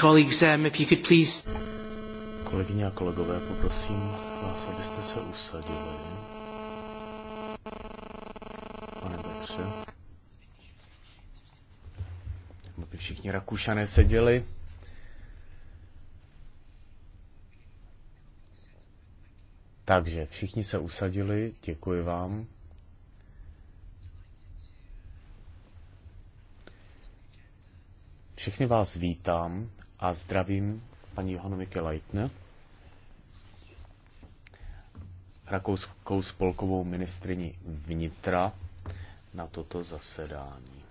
Colleagues, um, if you could please... Kolegyně a kolegové, poprosím vás, abyste se usadili. Pane Bekře. Aby všichni Rakušané seděli. Takže všichni se usadili, děkuji vám. Všechny vás vítám a zdravím paní Johanomiky Leitner, rakouskou spolkovou ministrini vnitra na toto zasedání.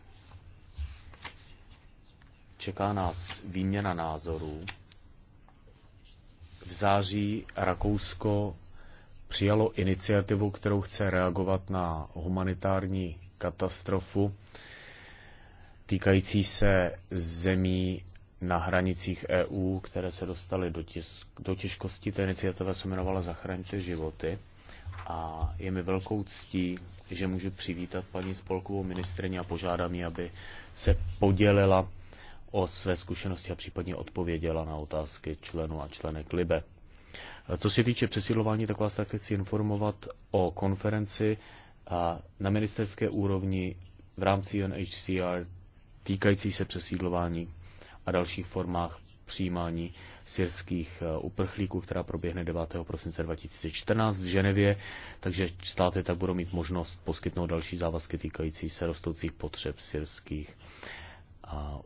Čeká nás výměna názorů. V září Rakousko přijalo iniciativu, kterou chce reagovat na humanitární katastrofu týkající se zemí na hranicích EU, které se dostaly do, tisk, do těžkosti. Ta iniciativa se jmenovala Zachraňte životy a je mi velkou ctí, že můžu přivítat paní spolkovou ministrině a požádám ji, aby se podělila o své zkušenosti a případně odpověděla na otázky členů a členek LIBE. Co se týče přesídlování, tak vás také chci informovat o konferenci na ministerské úrovni v rámci UNHCR týkající se přesídlování, a dalších formách přijímání syrských eh, uprchlíků, která proběhne 9. prosince 2014 v Ženevě, takže státy tak budou mít možnost poskytnout další závazky týkající se rostoucích potřeb syrských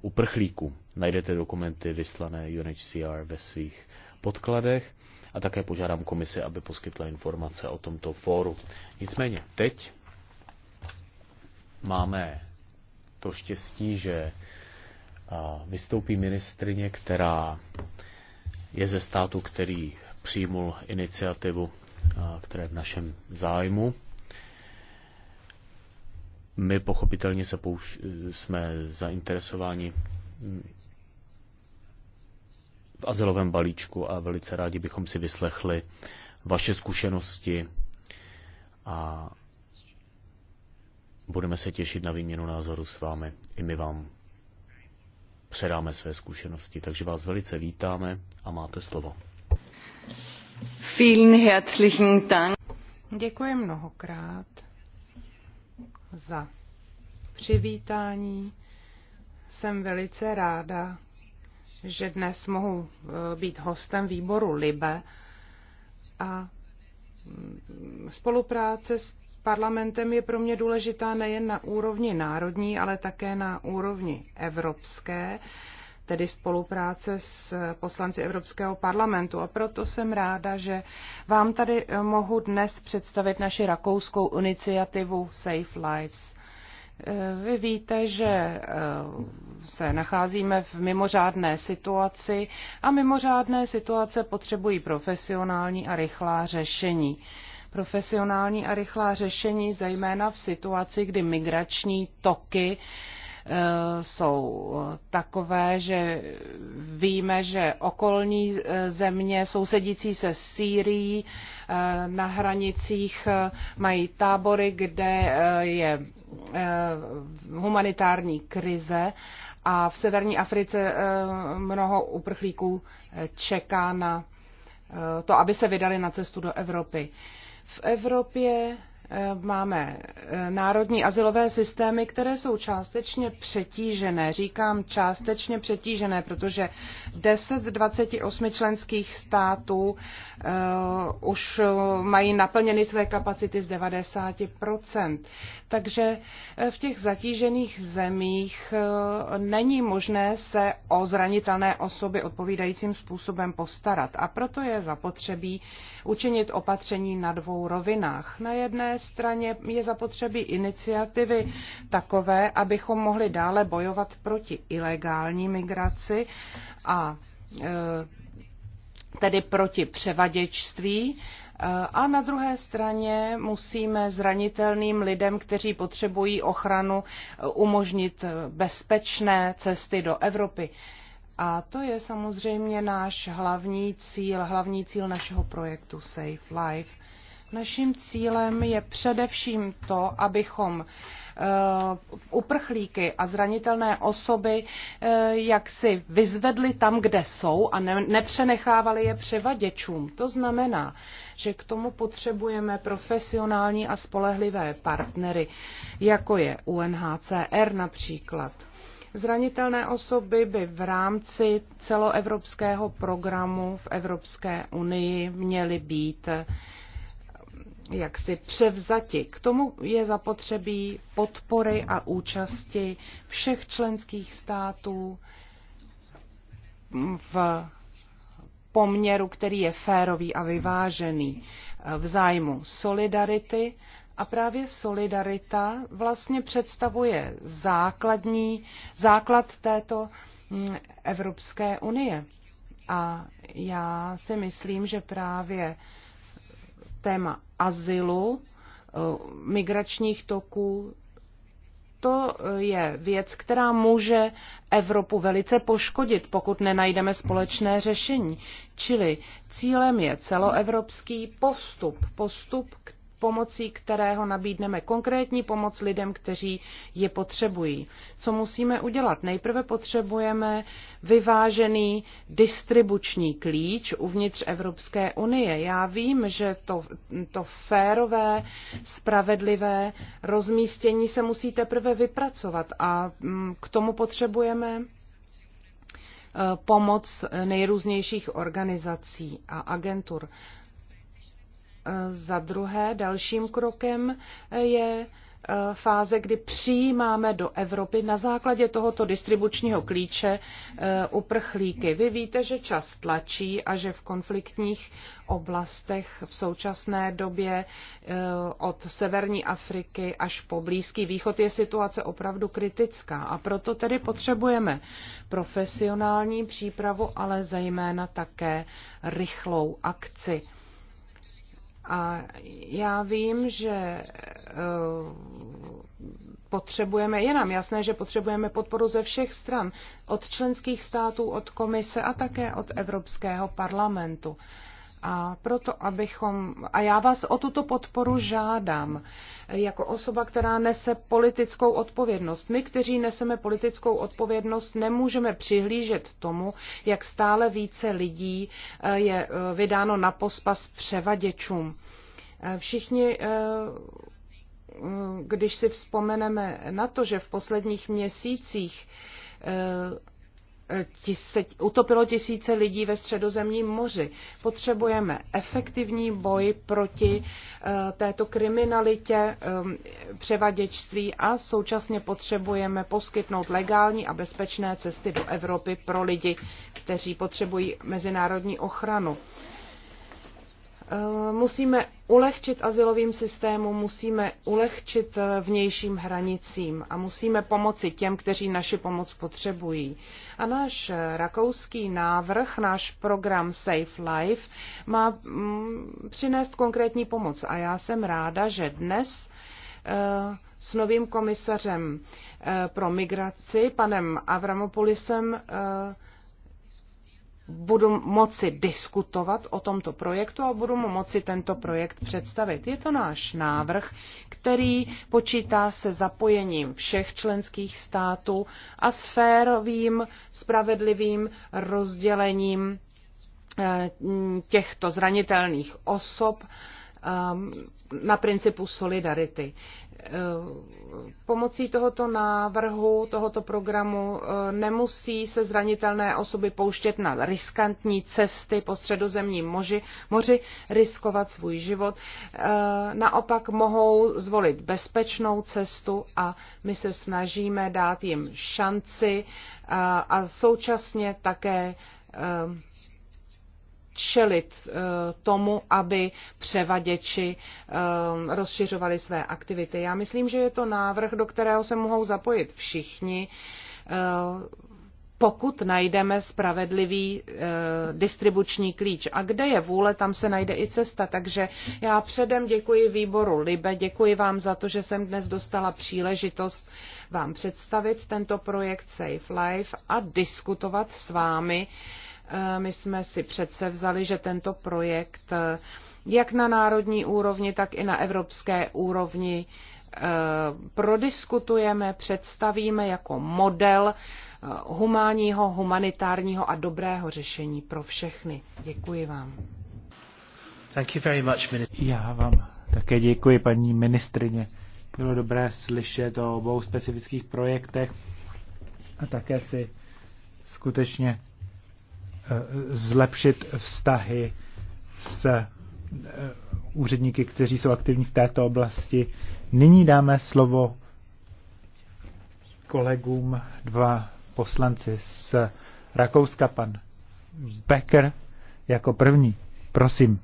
uprchlíků. Najdete dokumenty vyslané UNHCR ve svých podkladech a také požádám komisi, aby poskytla informace o tomto fóru. Nicméně teď máme to štěstí, že vystoupí ministrině, která je ze státu, který přijmul iniciativu, která je v našem zájmu. My pochopitelně se pouš- jsme zainteresováni v azylovém balíčku a velice rádi bychom si vyslechli vaše zkušenosti a budeme se těšit na výměnu názoru s vámi. I my vám předáme své zkušenosti. Takže vás velice vítáme a máte slovo. Vielen herzlichen Dank. Děkuji mnohokrát za přivítání. Jsem velice ráda, že dnes mohu eh, být hostem výboru LIBE a mm, spolupráce s parlamentem je pro mě důležitá nejen na úrovni národní, ale také na úrovni evropské, tedy spolupráce s poslanci Evropského parlamentu. A proto jsem ráda, že vám tady mohu dnes představit naši rakouskou iniciativu Safe Lives. Vy víte, že eh, se nacházíme v mimořádné situaci a mimořádné situace potřebují profesionální a rychlá řešení profesionální a rychlá řešení, zejména v situaci, kdy migrační toky e, jsou takové, že víme, že okolní e, země sousedící se Sýrií e, na hranicích mají tábory, kde je humanitární krize a v severní Africe mnoho uprchlíků čeká na to, aby se vydali na cestu do Evropy v Evropě Eh, máme eh, národní asilové systémy, které jsou částečně přetížené. Říkám částečně přetížené, protože 10 z 28 členských států eh, už mají naplněny své kapacity z 90 Takže v těch zatížených zemích není možné se o zranitelné osoby odpovídajícím způsobem postarat. A proto je zapotřebí učinit opatření na dvou rovinách. Na jedné straně je zapotřebí iniciativy takové, abychom mohli dále bojovat proti ilegální migraci a e, tedy proti převaděčství. E, a na druhé straně musíme zranitelným lidem, kteří potřebují ochranu, e, umožnit bezpečné cesty do Evropy. A to je samozřejmě náš hlavní cíl, hlavní cíl našeho projektu Safe Life. Naším cílem je především to, abychom eh, uprchlíky a zranitelné osoby eh, jak si vyzvedli tam, kde jsou a nepřenechávali je převaděčům. To znamená, že k tomu potřebujeme profesionální a spolehlivé partnery, jako je UNHCR například. Zranitelné osoby by v rámci celoevropského programu v Evropské unii měly být uh, jaksi převzati. K tomu je zapotřebí podpory a účasti všech členských států v poměru, který je férový a vyvážený v zájmu solidarity. A právě solidarita vlastně představuje základní, základ této mm, Evropské unie. A já si myslím, že právě téma azylu, eh, migračních toků, to je věc, která může Evropu velice poškodit, pokud nenajdeme společné řešení. Čili cílem je celoevropský postup, postup, který pomocí kterého nabídneme konkrétní pomoc lidem, kteří je potřebují. Co musíme udělat? Nejprve potřebujeme vyvážený distribuční klíč uvnitř Evropské unie. Já vím, že to, to férové, spravedlivé rozmístění se musí teprve vypracovat a mm, k tomu potřebujeme e, pomoc nejrůznějších organizací a agentur. Za druhé, dalším krokem eh, je eh, fáze, kdy přijímáme do Evropy na základě tohoto distribučního klíče eh, uprchlíky. Vy víte, že čas tlačí a že v konfliktních oblastech v současné době od severní Afriky až po Blízký východ je situace opravdu kritická a proto tedy potřebujeme profesionální přípravu, ale zejména také rychlou akci a já vím, že eh, potřebujeme, je nám jasné, že potřebujeme podporu ze všech stran, od členských států, od komise a také od Evropského parlamentu. A proto, abychom, a já vás o tuto podporu žádám, jako osoba, která nese politickou odpovědnost. My, kteří neseme politickou odpovědnost, nemůžeme přihlížet tomu, jak stále více lidí eh, je eh, vydáno na pospas převaděčům. Eh, všichni mm, když si vzpomeneme na to, že v posledních měsících tise, utopilo tisíce lidí ve středozemním moři. Potřebujeme efektivní boj proti eh, této kriminalitě eh, převaděčství a současně potřebujeme poskytnout legální a bezpečné cesty do Evropy pro lidi, kteří potřebují mezinárodní ochranu. Eh, musíme ulehčit asilovým systémům, musíme ulehčit eh, vnějším hranicím a musíme pomoci těm, kteří naši pomoc potřebují. A náš eh, rakouský návrh, náš program Safe Life má mm, přinést konkrétní pomoc. A já jsem ráda, že dnes s novým komisařem pro migraci, panem Avramopolisem, budu moci diskutovat o tomto projektu a budu mu moci tento projekt představit. Je to náš návrh, který počítá se zapojením všech členských států a sférovým, spravedlivým rozdělením eh, těchto zranitelných osob Um, na principu solidarity. Uh, pomocí tohoto návrhu, tohoto programu uh, nemusí se zranitelné osoby pouštět na riskantní cesty po středozemním moři, moři riskovat svůj život. Uh, naopak mohou zvolit bezpečnou cestu a my se snažíme dát jim šanci a současně také um, čelit eh, tomu, aby převaděči eh, rozšiřovali své aktivity. Já myslím, že je to návrh, do kterého se mohou zapojit všichni, eh, pokud najdeme spravedlivý distribuční klíč. A kde je vůle, tam se najde i cesta. Takže já předem děkuji výboru Libe, děkuji vám za to, že jsem dnes dostala příležitost vám představit tento projekt Safe Life a diskutovat s vámi. Eh, my jsme si přece vzali, že tento projekt eh, jak na národní úrovni, tak i na evropské úrovni eh, prodiskutujeme, představíme jako model humánního, humanitárního a dobrého řešení pro všechny. Děkuji vám. Thank you very much, Já vám také děkuji, paní ministrině. Bylo dobré slyšet o obou specifických projektech a také si skutečně zlepšit vztahy s eh, úředníky, kteří jsou aktivní v této oblasti. Nyní dáme slovo kolegům dva poslanci z Rakouska, pan Becker jako první. Prosím.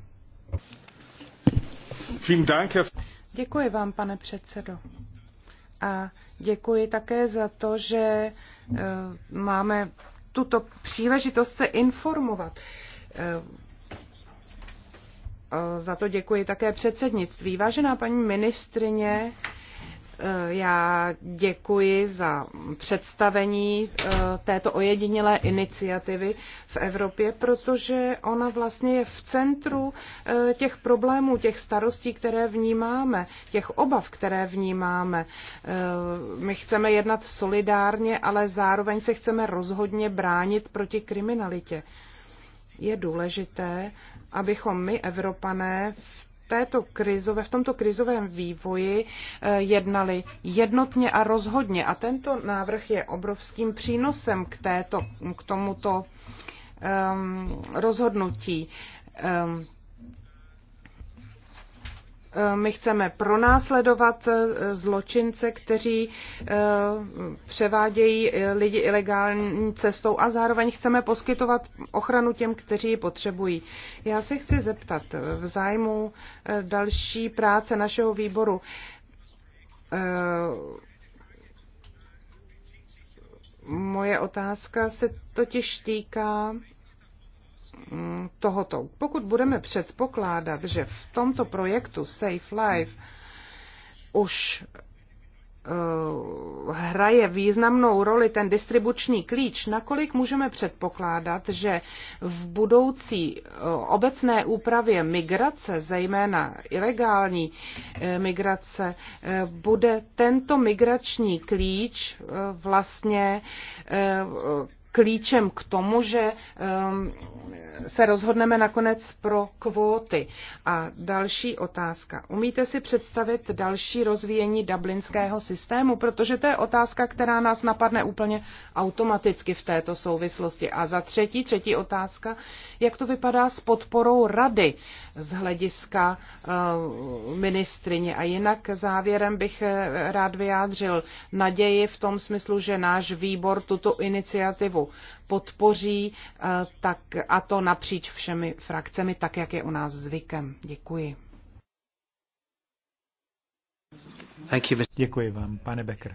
Děkuji vám, pane předsedo. A děkuji také za to, že eh, máme tuto příležitost se informovat. Eh, eh, za to děkuji také předsednictví. Vážená paní ministrině, Eh, já děkuji za představení eh, této ojedinělé iniciativy v Evropě, protože ona vlastně je v centru eh, těch problémů, těch starostí, které vnímáme, těch obav, které vnímáme. My chceme jednat solidárně, ale zároveň se chceme rozhodně bránit proti kriminalitě. Je důležité, abychom my, Evropané, v této krizové, v tomto krizovém vývoji eh, jednali jednotně a rozhodně. A tento návrh je obrovským přínosem k, této, k tomuto um, rozhodnutí. Um, my chceme pronásledovat eh, zločince, kteří eh, převádějí eh, lidi ilegální cestou a zároveň chceme poskytovat ochranu těm, kteří ji potřebují. Já se chci zeptat v zájmu další práce našeho výboru moje otázka se totiž týká tohoto. Pokud budeme předpokládat, že v tomto projektu Safe Life už eh, hraje významnou roli ten distribuční klíč, nakolik můžeme předpokládat, že v budoucí eh, obecné úpravě migrace, zejména ilegální eh, migrace, bude tento migrační klíč vlastně klíčem k tomu, že ehm, se rozhodneme nakonec pro kvóty. A další otázka. Umíte si představit další rozvíjení dublinského systému? Protože to je otázka, která nás napadne úplně automaticky v této souvislosti. A za třetí, třetí otázka, jak to vypadá s podporou rady? z hlediska eh, ministrině. A jinak závěrem bych eh, rád vyjádřil naději v tom smyslu, že náš výbor tuto iniciativu podpoří eh, tak, a to napříč všemi frakcemi, tak jak je u nás zvykem. Děkuji. Děkuji vám, pane Becker.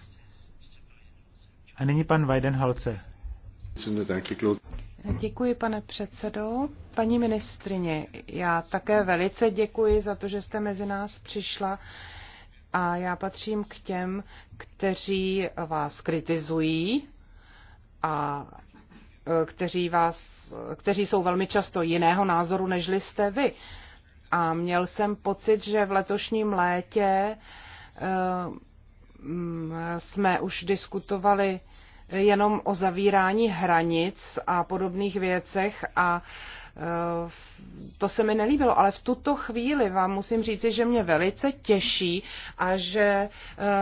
A nyní pan Weidenhalce. Děkuji, pane předsedo. Paní ministrině, já také velice děkuji za to, že jste mezi nás přišla a já patřím k těm, kteří vás kritizují a e, kteří, vás, kteří jsou velmi často jiného názoru, než jste vy. A měl jsem pocit, že v letošním létě e, jsme už diskutovali jenom o zavírání hranic a podobných věcech a e, to se mi nelíbilo, ale v tuto chvíli vám musím říci, že mě velice těší a že e,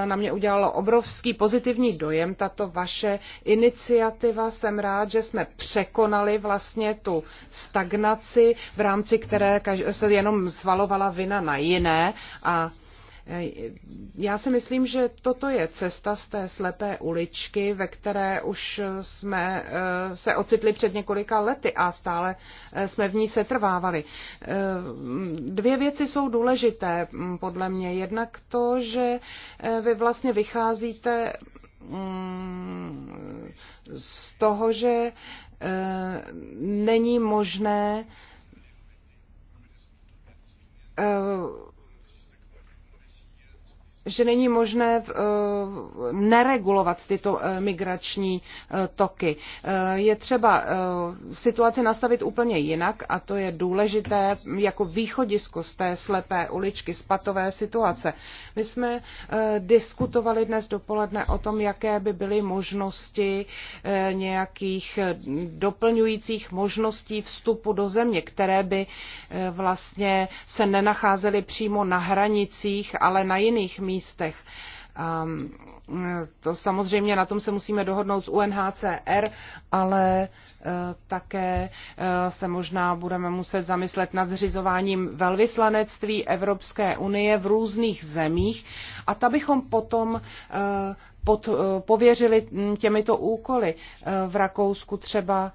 na mě udělalo obrovský pozitivní dojem tato vaše iniciativa. Jsem rád, že jsme překonali vlastně tu stagnaci, v rámci které se jenom zvalovala vina na jiné a já si myslím, že toto je cesta z té slepé uličky, ve které už jsme eh, se ocitli před několika lety a stále eh, jsme v ní setrvávali. Eh, dvě věci jsou důležité mm, podle mě. Jednak to, že vy vlastně vycházíte mm, z toho, že není možné že není možné eh, neregulovat tyto eh, migrační eh, toky. Je třeba situaci nastavit úplně jinak a to je důležité jako východisko z té slepé uličky, z patové situace. My jsme diskutovali dnes dopoledne o tom, jaké by byly možnosti nějakých doplňujících možností vstupu do země, které by vlastně se nenacházely přímo na hranicích, ale na jiných místech místech. Um, to samozřejmě na tom se musíme dohodnout s UNHCR, ale eh, také eh, se možná budeme muset zamyslet nad zřizováním velvyslanectví Evropské unie v různých zemích a ta bychom potom eh, pod, pověřili hm, těmito úkoly. V Rakousku třeba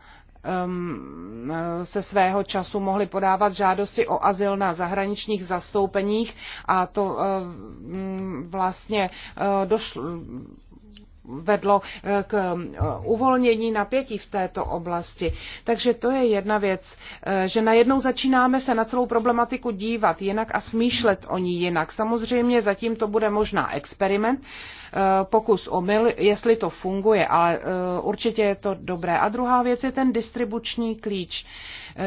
um, se svého času mohli podávat žádosti o azyl na zahraničních zastoupeních a to um, vlastně uh, došlo vedlo uh, k uh, uvolnění napětí v této oblasti. Takže to je jedna věc, že najednou začínáme se na celou problematiku dívat jinak a smýšlet o ní jinak. Samozřejmě zatím to bude možná experiment, Eh, pokus o mil, jestli to funguje, ale eh, určitě je to dobré. A druhá věc je ten distribuční klíč.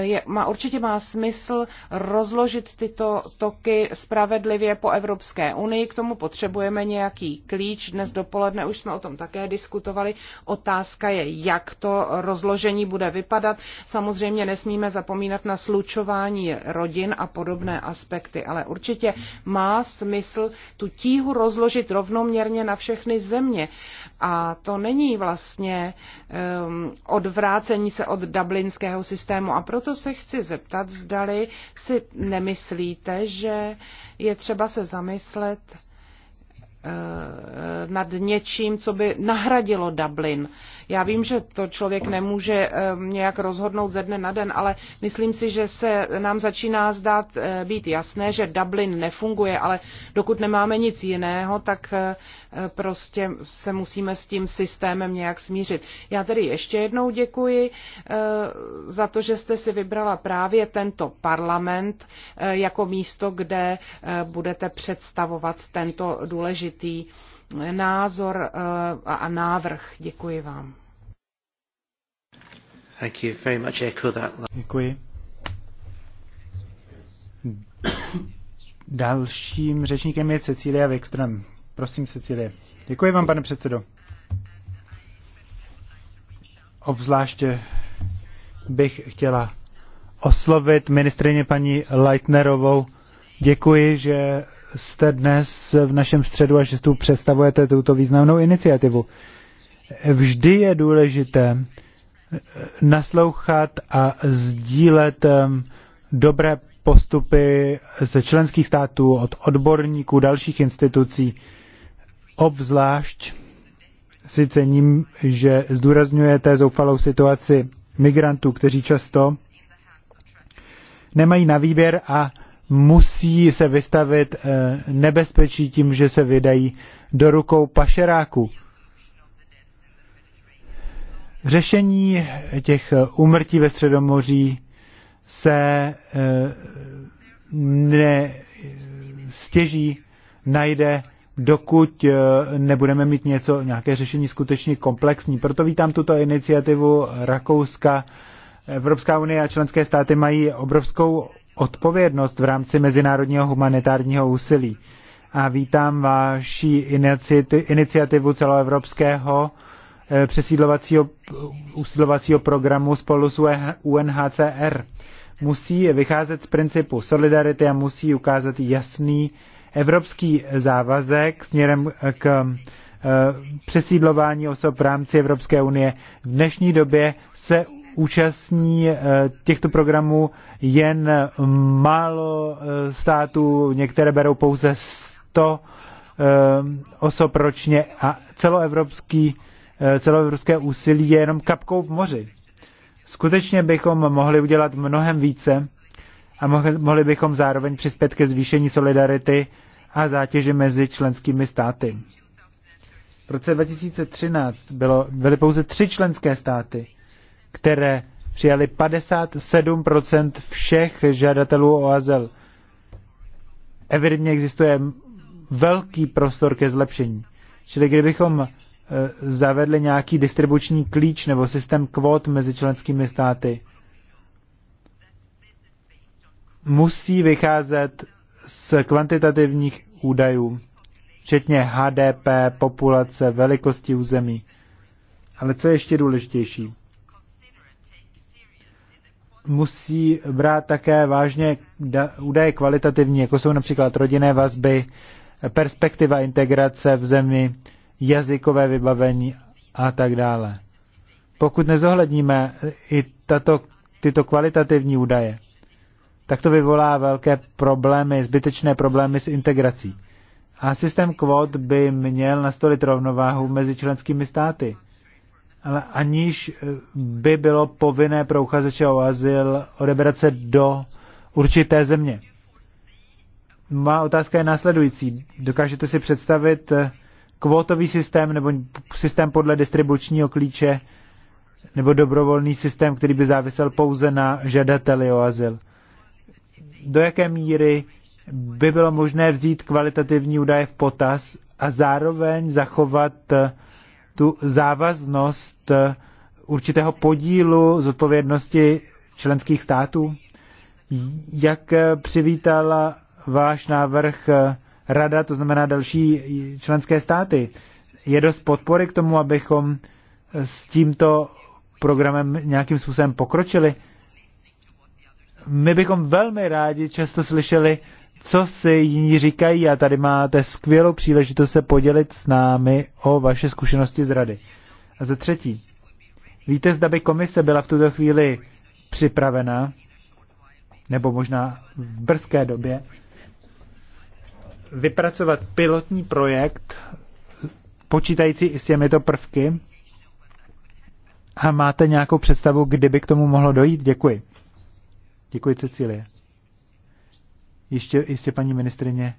Je, má, určitě má smysl rozložit tyto toky spravedlivě po Evropské unii. K tomu potřebujeme nějaký klíč. Dnes dopoledne už jsme o tom také diskutovali. Otázka je, jak to rozložení bude vypadat. Samozřejmě nesmíme zapomínat na slučování rodin a podobné aspekty, ale určitě má smysl tu tíhu rozložit rovnoměrně na všechny země. A to není vlastně um, odvrácení se od dublinského systému. A proto se chci zeptat, zdali si nemyslíte, že je třeba se zamyslet uh, nad něčím, co by nahradilo Dublin. Uh, já vím, že to člověk nemůže eh, nějak rozhodnout ze dne na den, ale myslím si, že se nám začíná zdát eh, být jasné, že Dublin nefunguje, ale dokud nemáme nic jiného, tak eh, prostě se musíme s tím systémem nějak smířit. Já tedy ještě jednou děkuji za to, že jste si vybrala právě tento parlament jako místo, kde budete představovat tento důležitý názor a návrh. Děkuji vám. Děkuji. Dalším řečníkem je Cecília Wikström. Prosím, Cecilie. Děkuji vám, pane předsedo. Obzvláště bych chtěla oslovit ministrině paní Leitnerovou. Děkuji, že jste dnes v našem středu a že tu představujete tuto významnou iniciativu. Vždy je důležité, naslouchat a sdílet dobré postupy ze členských států, od odborníků, dalších institucí, obzvlášť si cením, že zdůrazňujete zoufalou situaci migrantů, kteří často nemají na výběr a musí se vystavit eh, nebezpečí tím, že se vydají do rukou pašeráků. Řešení těch umrtí eh, ve Středomoří se eh, ne stěží najde, dokud eh, nebudeme mít něco, nějaké řešení skutečně komplexní. Proto vítám tuto iniciativu Rakouska. Evropská unie a členské státy mají obrovskou odpovědnost v rámci mezinárodního humanitárního úsilí. A vítám vaši iniciativu celoevropského Eh, přesídlovacího usídlovacího programu spolu s UNHCR. E musí vycházet z principu solidarity a musí ukázat jasný evropský závazek směrem k eh, přesídlování osob v rámci Evropské unie. V dnešní době se účastní eh, těchto programů jen málo států, některé berou pouze 100 osob ročně a celoevropský Eh, celoevropské úsilí je jenom kapkou v moři. Skutečně bychom mohli udělat mnohem více a mohli bychom zároveň přispět ke zvýšení solidarity a zátěže mezi členskými státy. V roce 2013 bylo, byly pouze tři členské státy, které přijali 57% všech žadatelů o azyl. Evidentně existuje velký prostor ke zlepšení. Čili kdybychom Eh, zavedli nějaký distribuční klíč nebo systém kvót mezi členskými státy, musí vycházet z kvantitativních údajů, včetně HDP, populace, velikosti území. Ale co je ještě důležitější? Musí brát také vážně údaje kvalitativní, jako jsou například rodinné vazby, perspektiva integrace v zemi, jazykové vybavení a tak dále. Pokud nezohledníme i tato, tyto kvalitativní údaje, tak to vyvolá velké problémy, zbytečné problémy s integrací. A systém kvot by měl nastolit rovnováhu mezi členskými státy. Ale aniž by bylo povinné pro uchazeče o azyl odebrat se do určité země. Má otázka je následující. Dokážete si představit kvótový systém nebo systém podle distribučního klíče nebo dobrovolný systém, který by závisel pouze na žadateli o azyl. Do jaké míry by bylo možné vzít kvalitativní údaje v potaz a zároveň zachovat eh, tu závaznost eh, určitého podílu zodpovědnosti členských států? Jak eh, přivítala váš návrh rada, to znamená další členské státy. Je dost podpory k tomu, abychom s tímto programem nějakým způsobem pokročili. My bychom velmi rádi často slyšeli, co si jiní říkají a tady máte skvělou příležitost se podělit s námi o vaše zkušenosti z rady. A za třetí, víte, zda by komise byla v tuto chvíli připravena, nebo možná v brzké době, vypracovat pilotní projekt počítající i s těmito prvky? A máte nějakou představu, by k tomu mohlo dojít? Děkuji. Děkuji, Cecílie. Ještě, jistě, paní ministrině,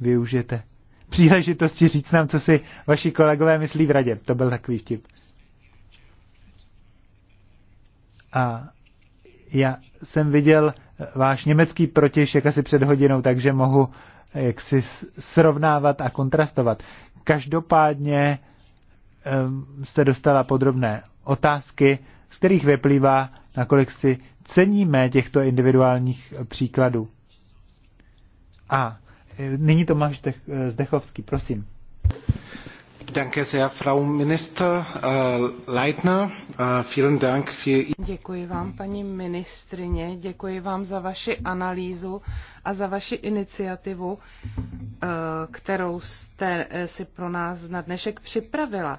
využijete příležitosti říct nám, co si vaši kolegové myslí v radě. To byl takový vtip. A já jsem viděl eh, váš německý protějšek asi před hodinou, takže mohu eh, jaksi srovnávat a kontrastovat. Každopádně ehm, jste dostala podrobné otázky, z kterých vyplývá, nakolik si ceníme těchto individuálních eh, příkladů. A nyní Tomáš Zdechovský, prosím. Äh, äh, děkuji vám, paní ministryně, děkuji vám za vaši analýzu a za vaši iniciativu, äh, kterou jste si pro nás na dnešek připravila.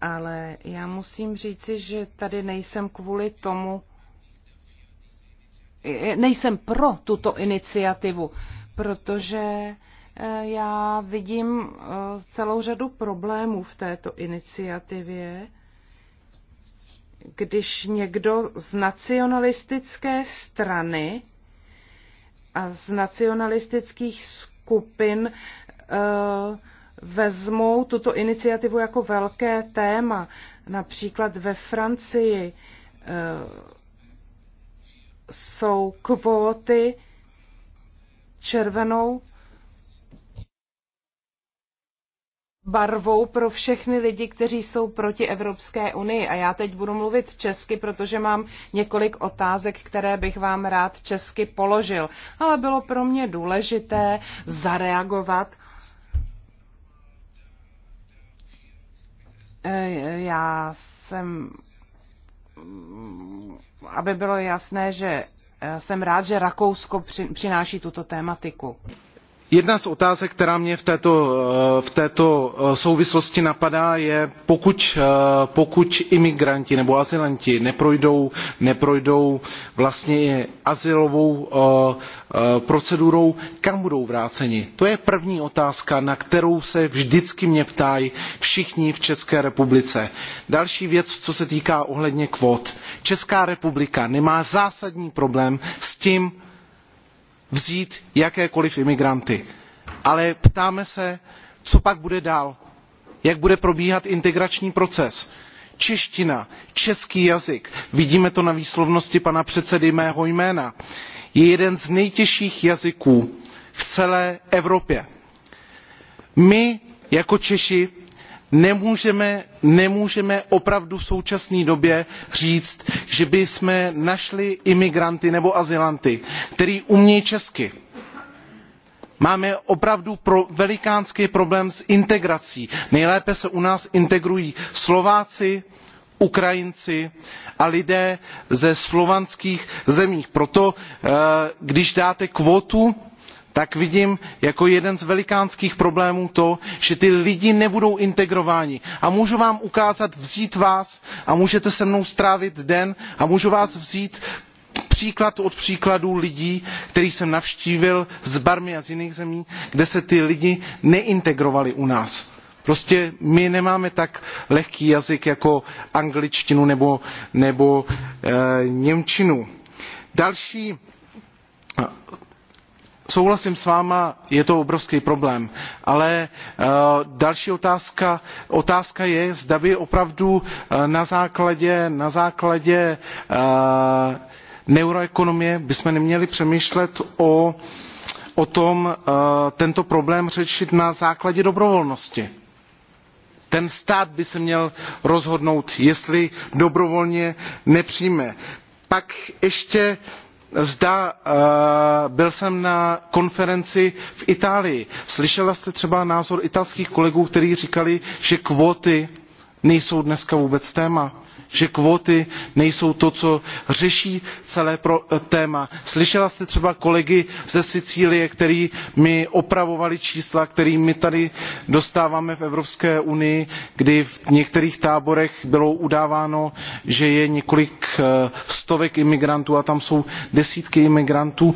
Ale já musím říci, že tady nejsem kvůli tomu, eh, nejsem pro tuto iniciativu, protože Eh, já vidím eh, celou řadu problémů v této iniciativě. Když někdo z nacionalistické strany a z nacionalistických skupin eh, vezmou tuto iniciativu jako velké téma. Například ve Francii jsou kvóty červenou barvou pro všechny lidi, kteří jsou proti Evropské unii. A já teď budu mluvit česky, protože mám několik otázek, které bych vám rád česky položil. Ale bylo pro mě důležité zareagovat. E, já jsem, aby bylo jasné, že e, jsem rád, že Rakousko přináší tuto tématiku jedna z otázek která mě v této, eh, v této eh, souvislosti napadá je pokud, eh, pokud imigranti nebo azylanti neprojdou, neprojdou vlastně azylovou procedurou kam budou vráceni? to je první otázka na kterou se vždycky mě ptají všichni v české republice. další věc co se týká ohledně kvót česká republika nemá zásadní problém s tím vzít jakékoliv imigranty ale ptáme se co pak bude dál jak bude probíhat integrační proces? čeština český jazyk vidíme to na výslovnosti pana předsedy mého jména je jeden z nejtěžších jazyků v celé evropě. my jako češi nemůžeme, opravdu v současné době říct že bychom našli imigranty nebo azylanty kteří umějí česky máme opravdu velikánský problém s integrací nejlépe se u nás integrují slováci ukrajinci a lidé ze slovanských zemí proto eh, když dáte kvótu tak vidím jako jeden z velikánských problémů to že ti lidé nebudou integrováni. a můžu vám ukázat vzít vás a můžete se mnou strávit den a můžu vás vzít příklad od příkladu lidí které jsem navštívil z barmy a z jiných zemí kde se ti lidé neintegrovali u nás. prostě my nemáme tak lehký jazyk jako angličtinu nebo, nebo e, němčinu. další souhlasím s váma je to obrovský problém ale eh, další otázka, otázka je zda by opravdu eh, na základě, na základě eh, neuroekonomie bychom neměli přemýšlet o, o tom tento problém řešit na základě dobrovolnosti ten stát by se měl rozhodnout jestli dobrovolně nepřijme. pak ještě zda uh, byl jsem na konferenci v itálii slyšela jste třeba názor italských kolegů kteří říkali že kvóty nejsou dneska vůbec téma? že kvóty nejsou to co řeší celé eh, téma. slyšela jste třeba kolegy ze sicílie kteří mi opravovali čísla která my tady dostáváme v evropské unii kdy v některých táborech bylo udáváno že je několik eh, stovek imigrantů a tam jsou desítky imigrantů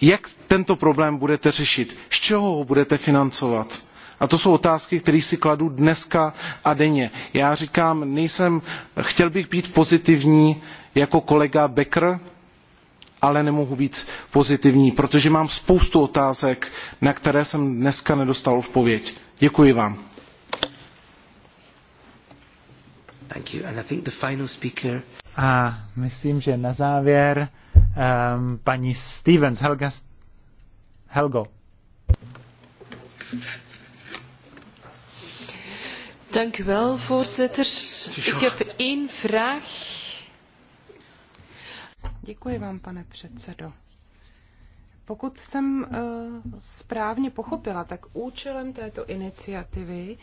jak tento problém budete řešit z čeho ho budete financovat? A to jsou otázky, které si kladu dneska a denně. Já říkám, nejsem, chtěl bych být pozitivní jako kolega Becker, ale nemohu být pozitivní, protože mám spoustu otázek, na které jsem dneska nedostal odpověď. Děkuji vám. A myslím, že na závěr um, paní Stevens, Helga, Helgo. Dank u wel, voorzitter. Ik heb één vraag. Děkuji vám, pane předsedo. Pokud jsem uh, správně pochopila, tak účelem této iniciativy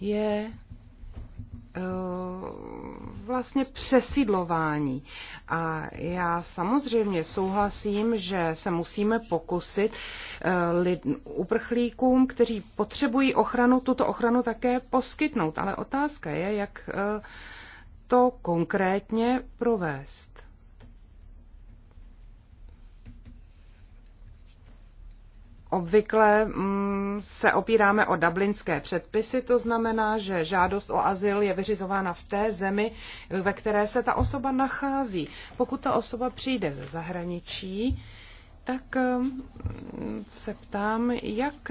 je Eh, vlastně přesídlování. A já samozřejmě souhlasím, že se musíme pokusit eh, lid, uprchlíkům, kteří potřebují ochranu, tuto ochranu také poskytnout. Ale otázka je, jak eh, to konkrétně provést. Obvykle mm, se opíráme o dublinské předpisy, to znamená, že žádost o azyl je vyřizována v té zemi, ve které se ta osoba nachází. Pokud ta osoba přijde ze zahraničí, tak mm, se ptám, jak,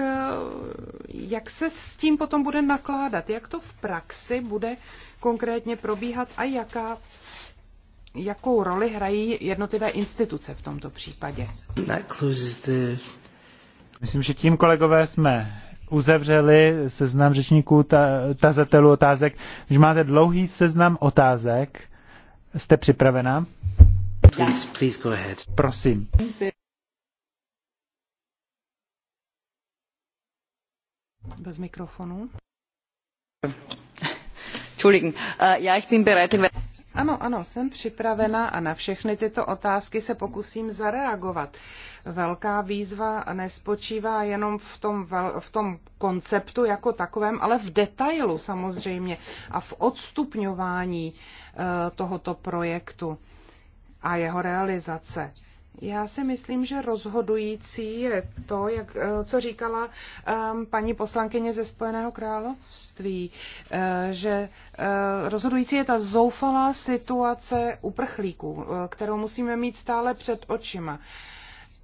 jak se s tím potom bude nakládat, jak to v praxi bude konkrétně probíhat a jaká, jakou roli hrají jednotlivé instituce v tomto případě. Myslím, že tím, kolegové, jsme uzavřeli seznam řečníků, ta, tazatelů otázek. Když máte dlouhý seznam otázek. Jste připravena? Please, please go ahead. Prosím. Bez mikrofonu. Entschuldigen. Uh, ja, ich bin bereit. Ano, ano, jsem připravena a na všechny tyto otázky se pokusím zareagovat. Velká výzva nespočívá jenom v tom, v tom konceptu jako takovém, ale v detailu samozřejmě a v odstupňování eh, tohoto projektu a jeho realizace. Já si myslím, že rozhodující je to, jak, eh, co říkala um, paní poslankyně ze Spojeného království, uh, že uh, rozhodující je ta zoufalá situace uprchlíků, uh, kterou musíme mít stále před očima.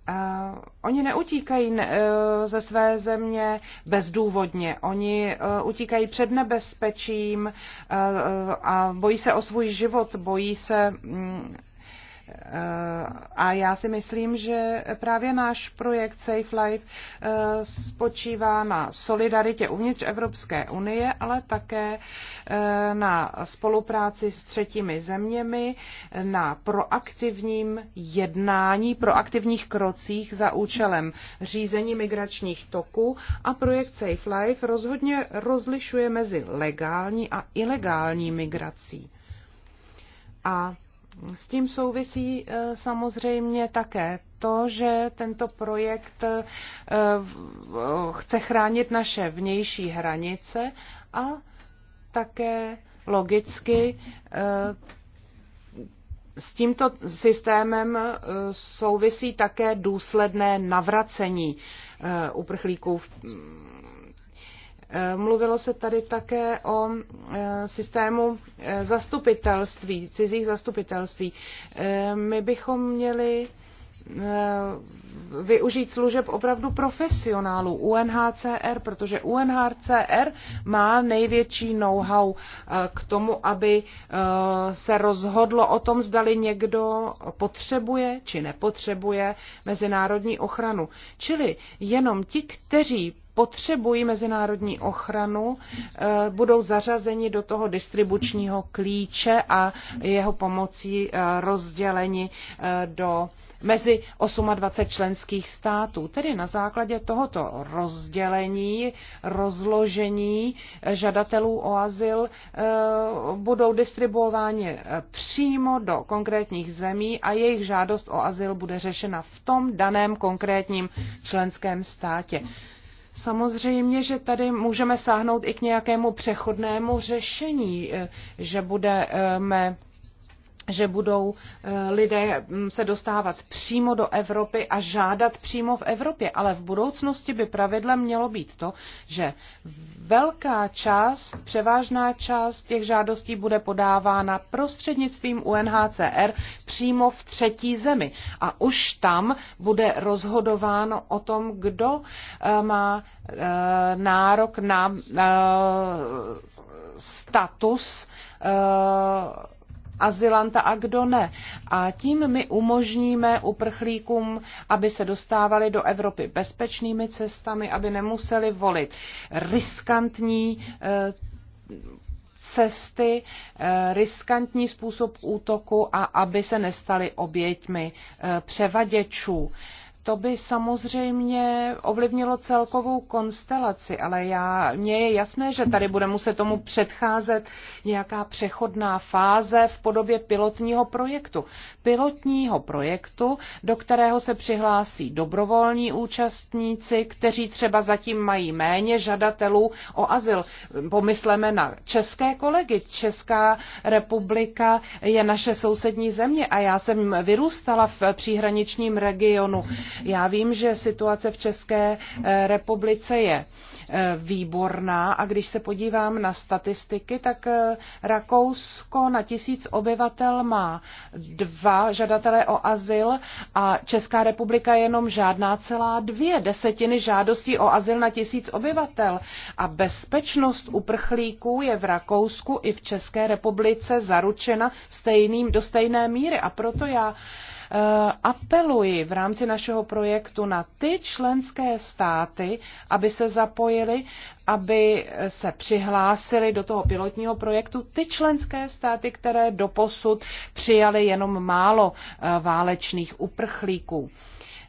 Uh, oni neutíkají uh, ze své země bezdůvodně. Oni uh, utíkají před nebezpečím uh, uh, a bojí se o svůj život, bojí se um, Eh, a já si myslím, že právě náš projekt Safe Life eh, spočívá na solidaritě uvnitř Evropské unie, ale také eh, na spolupráci s třetími zeměmi, na proaktivním jednání, proaktivních krocích za účelem řízení migračních toků a projekt Safe Life rozhodně rozlišuje mezi legální a ilegální migrací. A s tím souvisí eh, samozřejmě také to, že tento projekt eh, chce chránit naše vnější hranice a také logicky eh, s tímto systémem souvisí také důsledné navracení uprchlíků Eh, mluvilo se tady také o eh, systému eh, zastupitelství, cizích zastupitelství. My bychom měli Eh, využít služeb opravdu profesionálů UNHCR, protože UNHCR má největší know-how eh, k tomu, aby eh, se rozhodlo o tom, zdali někdo potřebuje či nepotřebuje mezinárodní ochranu. Čili jenom ti, kteří potřebují mezinárodní ochranu, budou zařazeni do toho distribučního klíče a jeho pomocí rozděleni do mezi 28 členských států. Tedy na základě tohoto rozdělení, rozložení eh, žadatelů o azyl eh, budou distribuováni eh, přímo do konkrétních zemí a jejich žádost o azyl bude řešena v tom daném konkrétním členském státě. Samozřejmě, že tady můžeme sáhnout i k nějakému přechodnému řešení, že budeme že budou eh, lidé mm, se dostávat přímo do Evropy a žádat přímo v Evropě. Ale v budoucnosti by pravidlem mělo být to, že velká část, převážná část těch žádostí bude podávána prostřednictvím UNHCR přímo v třetí zemi. A už tam bude rozhodováno o tom, kdo eh, má eh, nárok na status azylanta a kdo ne. A tím my umožníme uprchlíkům, aby se dostávali do Evropy bezpečnými cestami, aby nemuseli volit riskantní eh, cesty, eh, riskantní způsob útoku a aby se nestali oběťmi eh, převaděčů. To by samozřejmě ovlivnilo celkovou konstelaci, ale já, mně je jasné, že tady bude muset tomu předcházet nějaká přechodná fáze v podobě pilotního projektu. Pilotního projektu, do kterého se přihlásí dobrovolní účastníci, kteří třeba zatím mají méně žadatelů o azyl. Pomysleme na české kolegy. Česká republika je naše sousední země a já jsem vyrůstala v příhraničním regionu já vím, že situace v České eh, republice je eh, výborná a když se podívám na statistiky, tak eh, Rakousko na tisíc obyvatel má dva žadatele o azyl a Česká republika jenom žádná celá dvě desetiny žádostí o azyl na tisíc obyvatel. A bezpečnost uprchlíků je v Rakousku i v České republice zaručena stejným do stejné míry a proto já Eh, apeluji v rámci našeho projektu na ty členské státy, aby se zapojili, aby se přihlásili do toho pilotního projektu ty členské státy, které doposud přijaly jenom málo eh, válečných uprchlíků.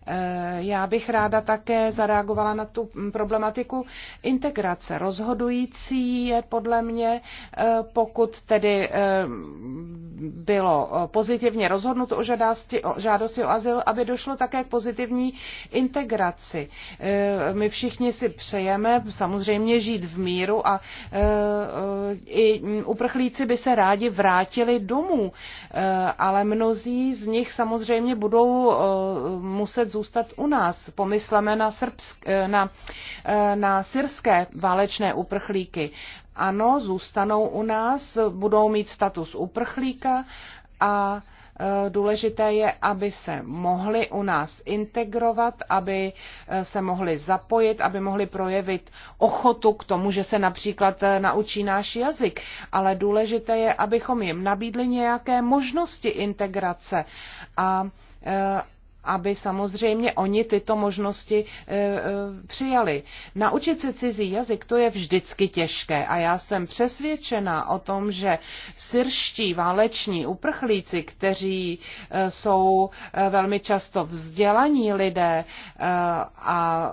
Eh, já bych ráda také zareagovala na tu problematiku integrace. Rozhodující je podle mě, eh, pokud tedy eh, bylo pozitivně rozhodnuto o žádosti, o žádosti o azyl, aby došlo také k pozitivní integraci. My všichni si přejeme samozřejmě žít v míru a i uprchlíci by se rádi vrátili domů, ale mnozí z nich samozřejmě budou muset zůstat u nás. Pomysleme na, srbsk, eh, na, eh, na syrské válečné uprchlíky. Ano, zůstanou u nás, budou mít status uprchlíka a eh, Důležité je, aby se mohli u nás integrovat, aby se mohli zapojit, aby mohli projevit ochotu k tomu, že se například naučí náš jazyk. Ale důležité je, abychom jim nabídli nějaké možnosti integrace a aby samozřejmě oni tyto možnosti e, e, přijali. Naučit se cizí jazyk, to je vždycky těžké a já jsem přesvědčena o tom, že syrští váleční uprchlíci, kteří e, jsou velmi často vzdělaní lidé a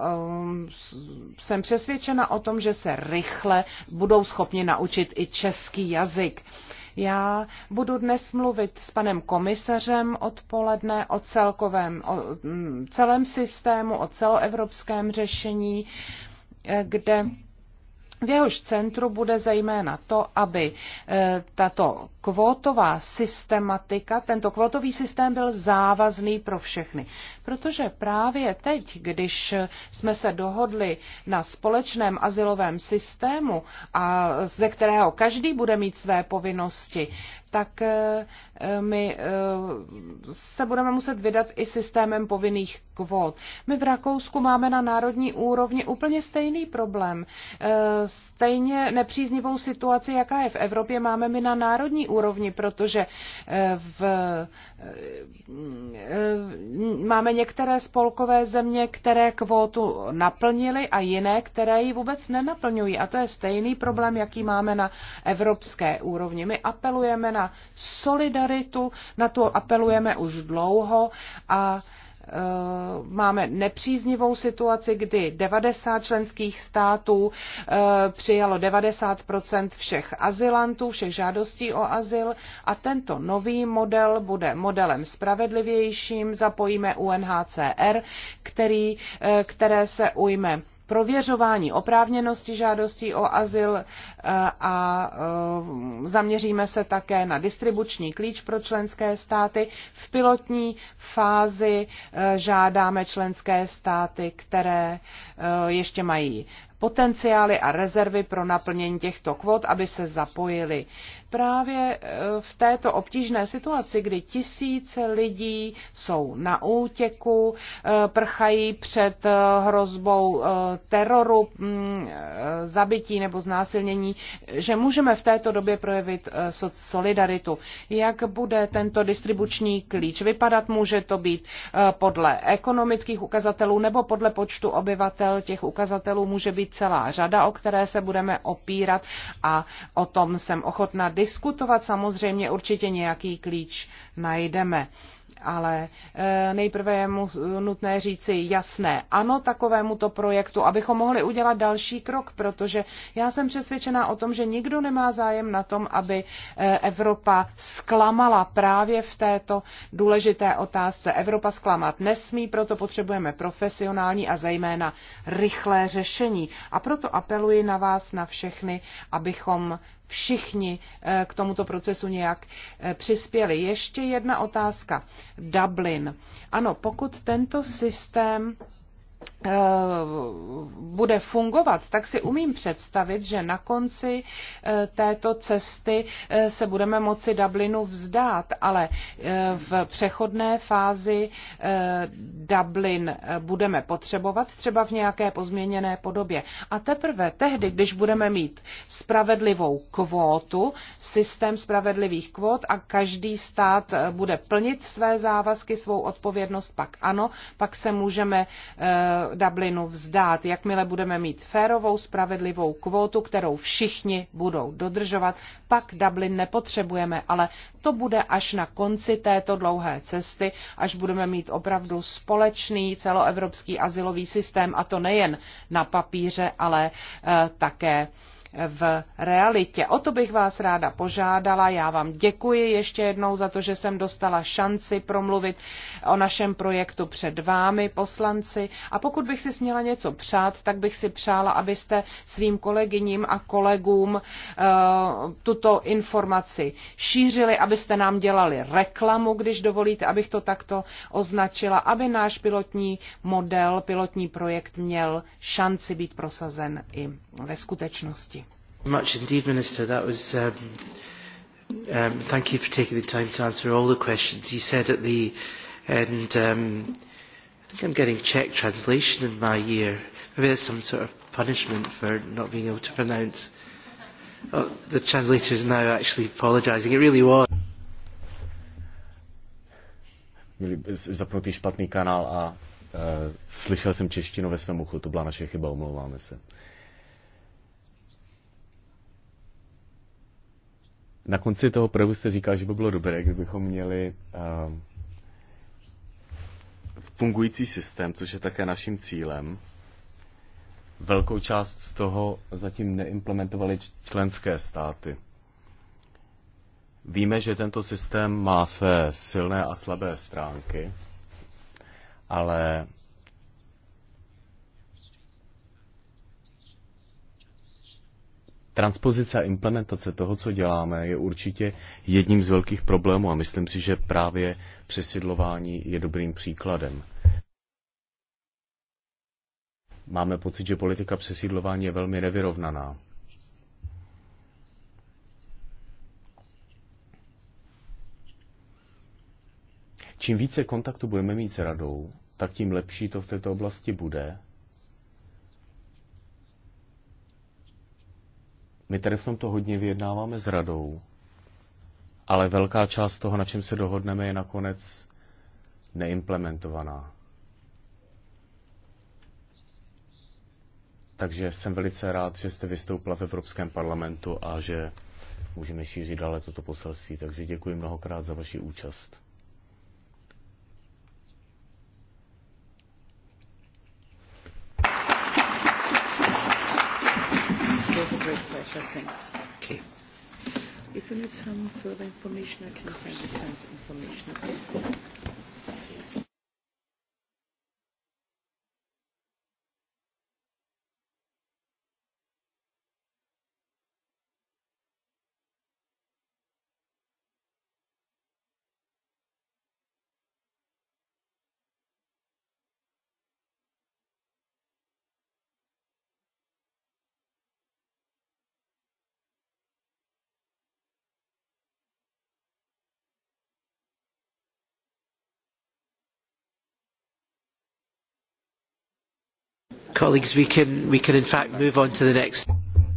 jsem přesvědčena o tom, že se rychle budou schopni naučit i český jazyk. Já budu dnes mluvit s panem komisařem odpoledne o celkovém, o mm, celém systému, o celoevropském řešení, eh, kde v jehož centru bude zejména to, aby eh, tato kvótová systematika, tento kvótový systém byl závazný pro všechny. Protože právě teď, když jsme se dohodli na společném asilovém systému, a ze kterého každý bude mít své povinnosti, tak eh, my eh, se budeme muset vydat i systémem povinných kvót. My v Rakousku máme na národní úrovni úplně stejný problém. Eh, stejně nepříznivou situaci, jaká je v Evropě, máme my na národní úrovni, protože eh, v, eh, máme některé spolkové země, které kvótu naplnily a jiné, které ji vůbec nenaplňují. A to je stejný problém, jaký máme na evropské úrovni. My apelujeme na solidaritu, na to apelujeme už dlouho a Eh, máme nepříznivou situaci, kdy 90 členských států eh, přijalo 90 všech azylantů, všech žádostí o azyl a tento nový model bude modelem spravedlivějším. Zapojíme UNHCR, který, eh, které se ujme prověřování oprávněnosti žádostí o azyl e, a e, zaměříme se také na distribuční klíč pro členské státy. V pilotní fázi e, žádáme členské státy, které ještě mají potenciály a rezervy pro naplnění těchto kvot, aby se zapojili právě e, v této obtížné situaci, kdy tisíce lidí jsou na útěku, e, prchají před e, hrozbou teroru, mm, zabití nebo znásilnění, že můžeme v této době projevit solidaritu. Jak bude tento distribuční klíč vypadat? Může to být podle ekonomických ukazatelů nebo podle počtu obyvatel. Těch ukazatelů může být celá řada, o které se budeme opírat a o tom jsem ochotna diskutovat diskutovat. Samozřejmě určitě nějaký klíč najdeme ale e, nejprve je mu nutné říci jasné ano takovému to projektu, abychom mohli udělat další krok, protože já jsem přesvědčená o tom, že nikdo nemá zájem na tom, aby e, Evropa zklamala právě v této důležité otázce. Evropa zklamat nesmí, proto potřebujeme profesionální a zejména rychlé řešení. A proto apeluji na vás, na všechny, abychom všichni eh, k tomuto procesu nějak eh, přispěli. Ještě jedna otázka. Dublin. Ano, pokud tento systém Eh, bude fungovat, tak si umím představit, že na konci eh, této cesty eh, se budeme moci Dublinu vzdát, ale v přechodné fázi Dublin budeme potřebovat třeba v nějaké pozměněné podobě. A teprve tehdy, když budeme mít spravedlivou kvótu, systém spravedlivých kvót a každý stát bude plnit své závazky, svou odpovědnost, pak ano, pak se můžeme Eh, Dublinu vzdát. Jakmile budeme mít férovou, spravedlivou kvótu, kterou všichni budou dodržovat, pak Dublin nepotřebujeme, ale to bude až na konci této dlouhé cesty, až budeme mít opravdu společný celoevropský asilový systém, a to nejen na papíře, ale eh, také v realitě. O to bych vás ráda požádala. Já vám děkuji ještě jednou za to, že jsem dostala šanci promluvit o našem projektu před vámi, poslanci. A pokud bych si směla něco přát, tak bych si přála, abyste svým kolegyním a kolegům uh, tuto informaci šířili, abyste nám dělali reklamu, když dovolíte, abych to takto označila, aby náš pilotní model, pilotní projekt měl šanci být prosazen i ve skutečnosti. Much indeed, Minister. That was, um, um, thank you for taking the time to answer all the questions. You said at the end, um, I think I'm getting Czech translation in my ear. Maybe that's some sort of punishment for not being able to pronounce. Oh, the translator is now actually apologising. It really was. Měli zapnutý špatný kanál a uh, slyšel jsem češtinu ve svém uchu. To byla naše chyba, omlouváme se. Na konci toho projevu jste říkal, že by bylo dobré, kdybychom měli uh, fungující systém, což je také naším cílem. Velkou část z toho zatím neimplementovaly členské státy. Víme, že tento systém má své silné a slabé stránky, ale transpozice a implementace toho, co děláme, je určitě jedním z velkých problémů a myslím si, že právě přesidlování je dobrým příkladem. Máme pocit, že politika přesídlování je velmi nevyrovnaná. Čím více kontaktu budeme mít s radou, tak tím lepší to v této oblasti bude My tady v tomto hodně vyjednáváme s radou, ale velká část toho, na čem se dohodneme, je nakonec neimplementovaná. Takže jsem velice rád, že jste vystoupila v Evropském parlamentu a že můžeme šířit dále toto poselství. Takže děkuji mnohokrát za vaši účast. other things. Okay. If you need some further information, I can send you some information.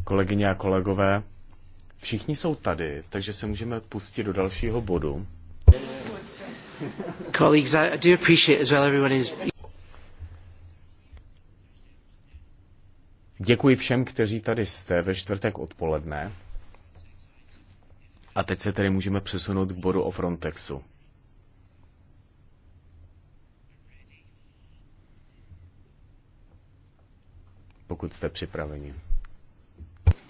Kolegyně a kolegové, všichni jsou tady, takže se můžeme pustit do dalšího bodu. Děkuji všem, kteří tady jste ve čtvrtek odpoledne. A teď se tedy můžeme přesunout k bodu o Frontexu. pokud jste připraveni.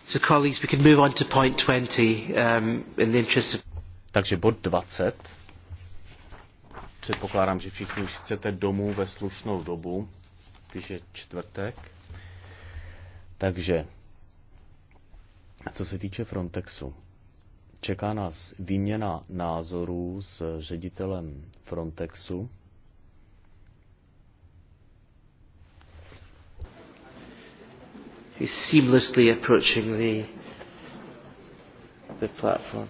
So colleagues, we can move on to point 20 um, in the interest of... Takže bod 20. Předpokládám, že všichni už chcete domů ve slušnou dobu, když je čtvrtek. Takže, co se týče Frontexu, čeká nás výměna názorů s ředitelem Frontexu, who's seamlessly approaching the, the platform.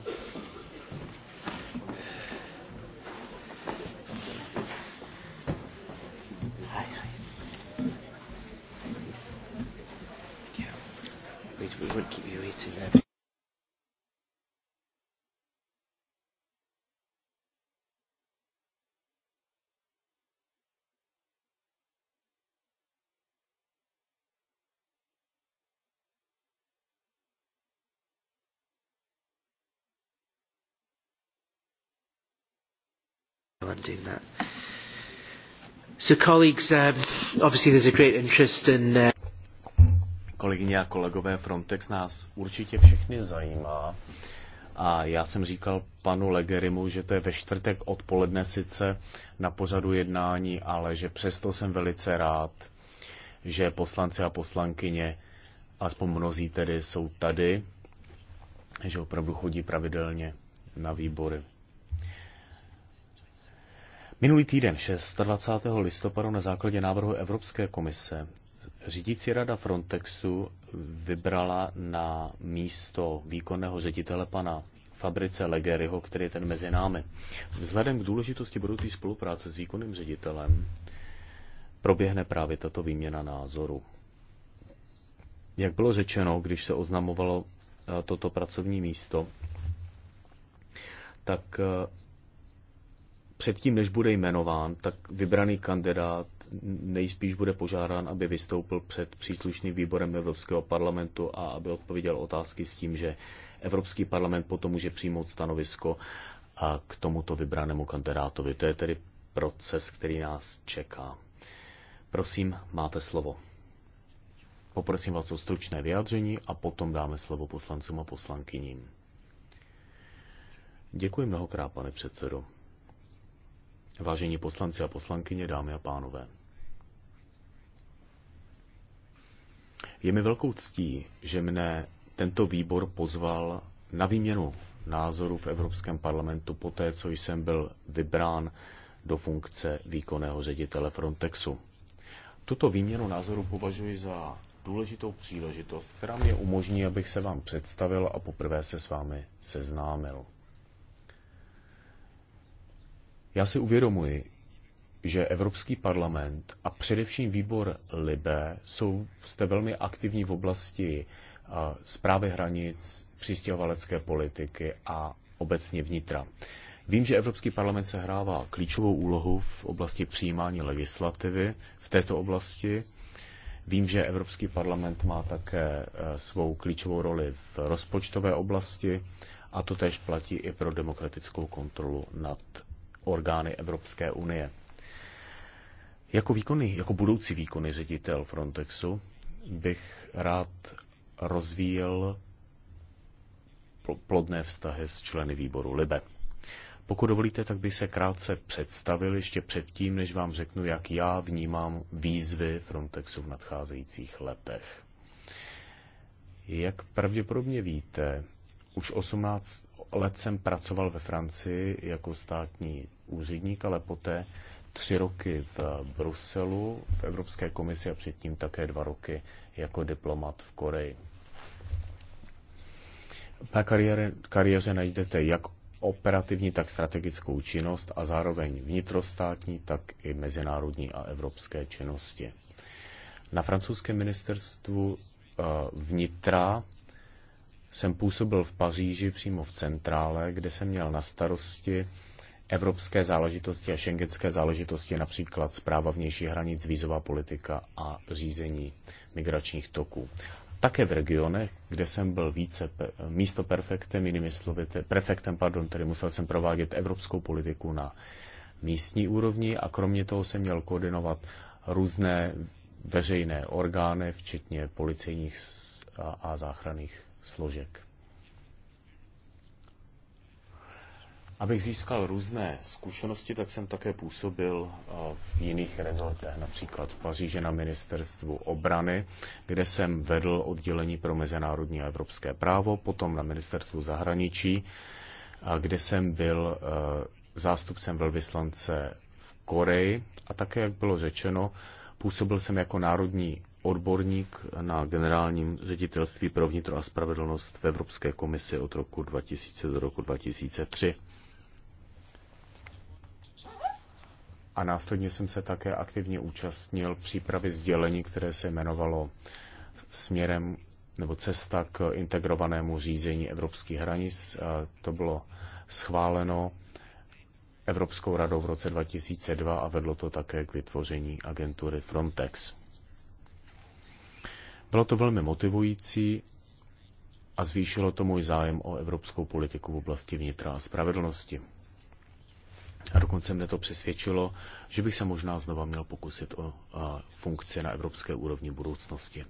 while doing that. So colleagues, um, obviously there's a great interest in... Uh... Kolegyně a kolegové, Frontex nás určitě všechny zajímá. A já jsem říkal panu Legerimu, že to je ve čtvrtek odpoledne sice na pořadu jednání, ale že přesto jsem velice rád, že poslanci a poslankyně, aspoň mnozí tedy, jsou tady, že opravdu chodí pravidelně na výbory. Minulý týden, 26. listopadu, na základě návrhu Evropské komise Řídící rada Frontexu vybrala na místo výkonného ředitele pana Fabrice Legeryho, který je ten mezi námi. Vzhledem k důležitosti budoucí spolupráce s výkonným ředitelem proběhne právě tato výměna názoru. Jak bylo řečeno, když se oznamovalo eh, toto pracovní místo, tak eh, předtím, než bude jmenován, tak vybraný kandidát nejspíš bude požádán, aby vystoupil před příslušným výborem Evropského parlamentu a aby odpověděl otázky s tím, že Evropský parlament potom může přijmout stanovisko a k tomuto vybranému kandidátovi. To je tedy proces, který nás čeká. Prosím, máte slovo. Poprosím vás o stručné vyjádření a potom dáme slovo poslancům a poslankyním. Děkuji mnohokrát, pane předsedo. Vážení poslanci a poslankyně, dámy a pánové. Je mi velkou ctí, že mne tento výbor pozval na výměnu názorů v Evropském parlamentu poté, co jsem byl vybrán do funkce výkonného ředitele Frontexu. Tuto výměnu názoru považuji za důležitou příležitost, která mě umožní, abych se vám představil a poprvé se s vámi seznámil. Já si uvědomuji, že Evropský parlament a především výbor LIBE jsou, jste velmi aktivní v oblasti zprávy hranic, přistěhovalecké politiky a obecně vnitra. Vím, že Evropský parlament sehrává klíčovou úlohu v oblasti přijímání legislativy v této oblasti. Vím, že Evropský parlament má také e, svou klíčovou roli v rozpočtové oblasti a to tež platí i pro demokratickou kontrolu nad orgány Evropské unie. Jako výkony, jako budoucí výkony ředitel Frontexu bych rád rozvíjel plodné vztahy s členy výboru LIBE. Pokud dovolíte, tak bych se krátce představil ještě předtím, než vám řeknu, jak já vnímám výzvy Frontexu v nadcházejících letech. Jak pravděpodobně víte, už 18 let jsem pracoval ve Francii jako státní úředník, ale poté tři roky v Bruselu, v Evropské komisi a předtím také dva roky jako diplomat v Koreji. Na kariére, kariéře najdete jak operativní, tak strategickou činnost a zároveň vnitrostátní, tak i mezinárodní a evropské činnosti. Na francouzském ministerstvu eh, vnitra jsem působil v Paříži přímo v centrále, kde jsem měl na starosti evropské záležitosti a šengenské záležitosti, například zpráva vnějších hranic, vízová politika a řízení migračních toků. Také v regionech, kde jsem byl více místo perfektem, jinými slovy, prefektem, pardon, tedy musel jsem provádět evropskou politiku na místní úrovni a kromě toho jsem měl koordinovat různé veřejné orgány, včetně policejních a záchranných složek. Abych získal různé zkušenosti, tak jsem také působil eh, v jiných rezortech, například v Paříži na ministerstvu obrany, kde jsem vedl oddělení pro mezinárodní a evropské právo, potom na ministerstvu zahraničí, kde jsem byl eh, zástupcem velvyslance v Koreji a také, jak bylo řečeno, působil jsem jako národní odborník na generálním ředitelství pro vnitro a spravedlnost v Evropské komisi od roku 2000 do roku 2003. A následně jsem se také aktivně účastnil přípravy sdělení, které se jmenovalo směrem nebo cesta k integrovanému řízení evropských hranic. To bylo schváleno Evropskou radou v roce 2002 a vedlo to také k vytvoření agentury Frontex. Bylo to velmi motivující a zvýšilo to můj zájem o evropskou politiku v oblasti vnitra a spravedlnosti. A dokonce mne to přesvědčilo, že bych se možná znova měl pokusit o a, funkci na evropské úrovni budoucnosti.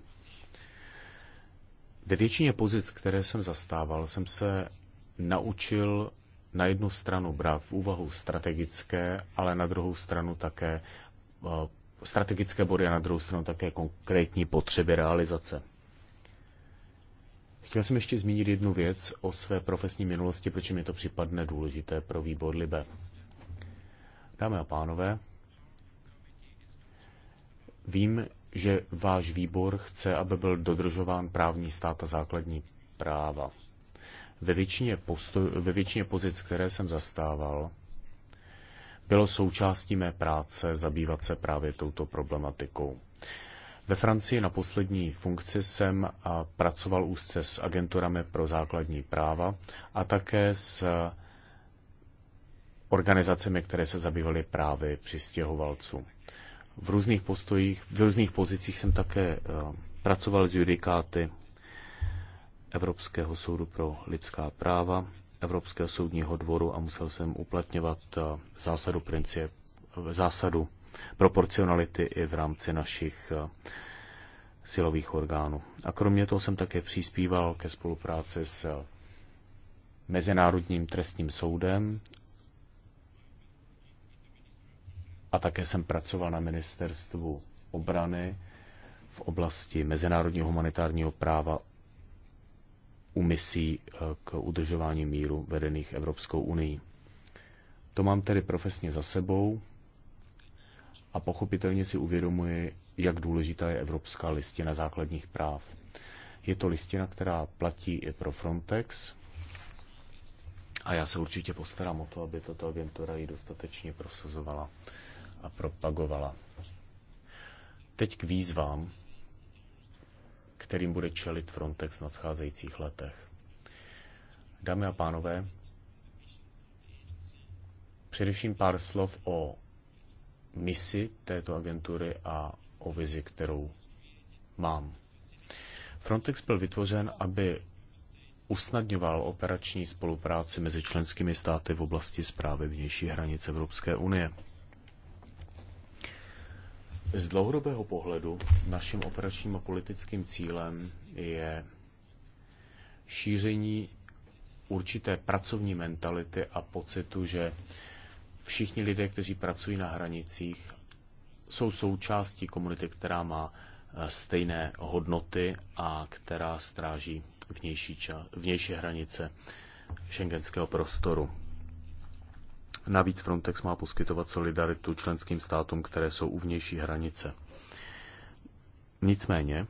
Ve většině pozic, které jsem zastával, jsem se naučil na jednu stranu brát v úvahu strategické, ale na druhou stranu také strategické body a na druhou stranu také konkrétní potřeby realizace. Chtěl jsem ještě zmínit jednu věc o své profesní minulosti, proč mi to připadne důležité pro výbor Libe. Dámy a pánové, vím, že váš výbor chce, aby byl dodržován právní stát a základní práva. Ve většině, posto- ve většině pozic, které jsem zastával, bylo součástí mé práce zabývat se právě touto problematikou. Ve Francii na poslední funkci jsem pracoval úzce s agenturami pro základní práva a také s organizacemi, které se zabývaly právě přistěhovalců. V různých postojích, v různých pozicích jsem také eh, pracoval s judikáty Evropského soudu pro lidská práva, Evropského soudního dvoru a musel jsem uplatňovat eh, zásadu, princip, zásadu proporcionality i v rámci našich eh, silových orgánů. A kromě toho jsem také přispíval ke spolupráci s eh, Mezinárodním trestním soudem a také jsem pracoval na ministerstvu obrany v oblasti mezinárodního humanitárního práva u misí eh, k udržování míru vedených Evropskou unii. To mám tedy profesně za sebou a pochopitelně si uvědomuji, jak důležitá je Evropská listina základních práv. Je to listina, která platí i pro Frontex a já se určitě postarám o to, aby tato agentura ji dostatečně prosazovala a propagovala. Teď k výzvám, kterým bude čelit Frontex v nadcházejících letech. Dámy a pánové, především pár slov o misi této agentury a o vizi, kterou mám. Frontex byl vytvořen, aby usnadňoval operační spolupráci mezi členskými státy v oblasti zprávy vnější hranic Evropské unie. Z dlouhodobého pohledu naším operačním a politickým cílem je šíření určité pracovní mentality a pocitu, že všichni lidé, kteří pracují na hranicích, jsou součástí komunity, která má eh, stejné hodnoty a která stráží vnější, ča, vnější hranice šengenského prostoru. Navíc Frontex má poskytovat solidaritu členským státům, které jsou u vnější hranice. Nicméně,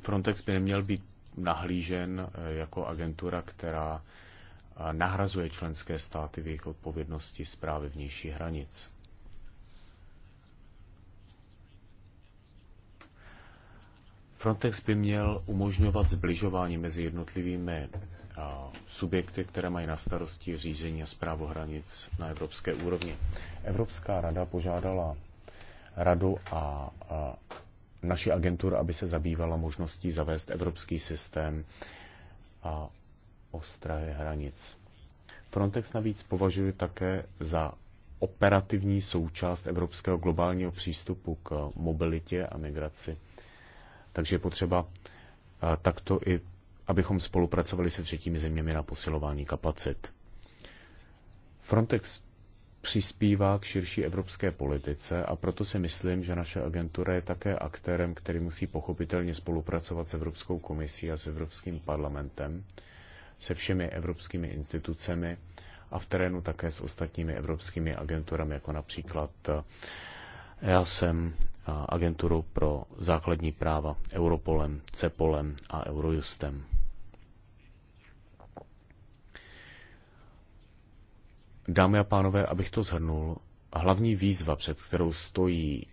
Frontex by neměl být nahlížen eh, jako agentura, která eh, nahrazuje členské státy v jejich odpovědnosti zprávy vnější hranic. Frontex by měl umožňovat zbližování mezi jednotlivými eh, subjekty, které mají na starosti řízení a zprávu hranic na evropské úrovni. Evropská rada požádala radu a, naši agenturu, aby se zabývala možností zavést evropský systém a ostrahy hranic. Frontex navíc považuje také za operativní součást evropského globálního přístupu k mobilitě a migraci takže je potřeba eh, takto i, abychom spolupracovali se třetími zeměmi na posilování kapacit. Frontex přispívá k širší evropské politice a proto si myslím, že naše agentura je také aktérem, který musí pochopitelně spolupracovat s Evropskou komisí a s Evropským parlamentem, se všemi evropskými institucemi a v terénu také s ostatními evropskými agenturami, jako například eh, já jsem agenturu pro základní práva, Europolem, CEPOLem a Eurojustem. Dámy a pánové, abych to zhrnul, hlavní výzva, před kterou stojí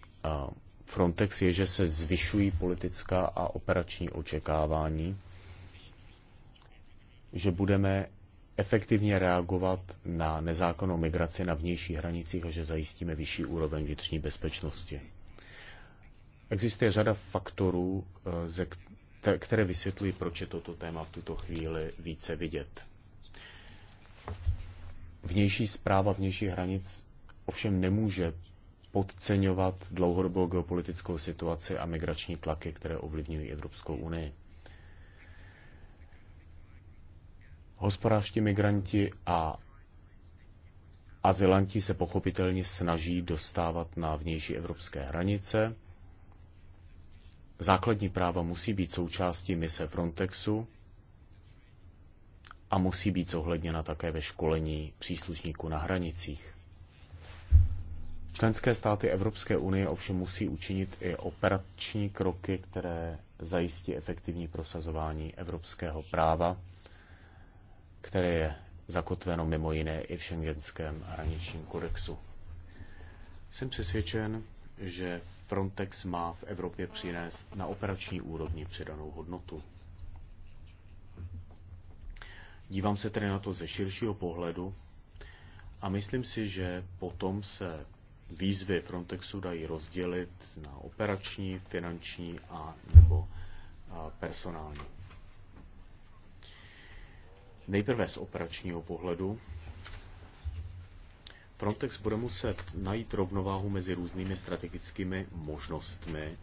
Frontex, je, že se zvyšují politická a operační očekávání, že budeme efektivně reagovat na nezákonnou migraci na vnějších hranicích a že zajistíme vyšší úroveň vnitřní bezpečnosti. Existuje řada faktorů, eh, které vysvětlují, proč je toto téma v tuto chvíli více vidět. Vnější zpráva vnějších hranic ovšem nemůže podceňovat dlouhodobou geopolitickou situaci a migrační tlaky, které ovlivňují Evropskou unii. Hospodářští migranti a azylanti se pochopitelně snaží dostávat na vnější evropské hranice. Základní práva musí být součástí mise Frontexu a musí být zohledněna také ve školení příslušníků na hranicích. Členské státy Evropské unie ovšem musí učinit i operační kroky, které zajistí efektivní prosazování evropského práva které je zakotveno mimo jiné i v šengenském hraničním kodexu. Jsem přesvědčen, že Frontex má v Evropě přinést na operační úrovni přidanou hodnotu. Dívám se tedy na to ze širšího pohledu a myslím si, že potom se výzvy Frontexu dají rozdělit na operační, finanční a nebo personální. Nejprve z operačního pohledu. Frontex bude muset najít rovnováhu mezi různými strategickými možnostmi,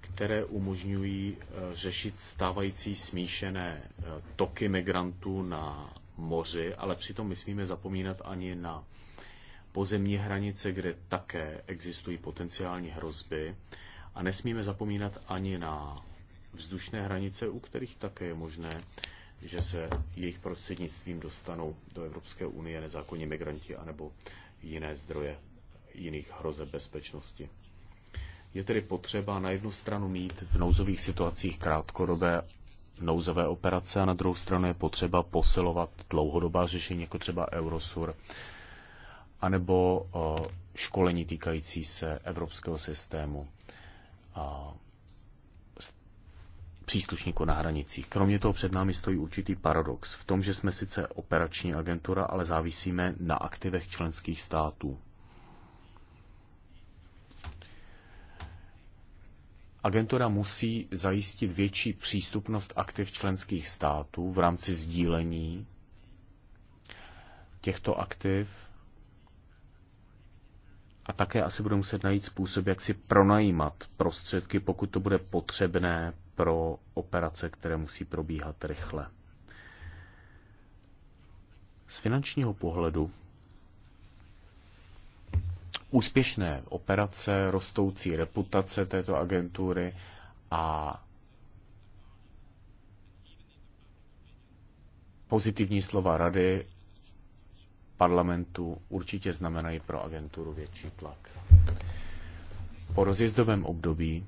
které umožňují eh, řešit stávající smíšené eh, toky migrantů na moři, ale přitom nesmíme zapomínat ani na pozemní hranice, kde také existují potenciální hrozby a nesmíme zapomínat ani na vzdušné hranice, u kterých také je možné že se jejich prostřednictvím dostanou do Evropské unie nezákonní migranti anebo jiné zdroje jiných hrozeb bezpečnosti. Je tedy potřeba na jednu stranu mít v nouzových situacích krátkodobé nouzové operace a na druhou stranu je potřeba posilovat dlouhodobá řešení, jako třeba Eurosur, anebo eh, školení týkající se evropského systému příslušníků na hranicích. Kromě toho před námi stojí určitý paradox v tom, že jsme sice operační agentura, ale závisíme na aktivech členských států. Agentura musí zajistit větší přístupnost aktiv členských států v rámci sdílení těchto aktiv a také asi budou muset najít způsob, jak si pronajímat prostředky, pokud to bude potřebné pro operace, které musí probíhat rychle. Z finančního pohledu úspěšné operace, rostoucí reputace této agentury a pozitivní slova rady parlamentu určitě znamenají pro agenturu větší tlak. Po rozjezdovém období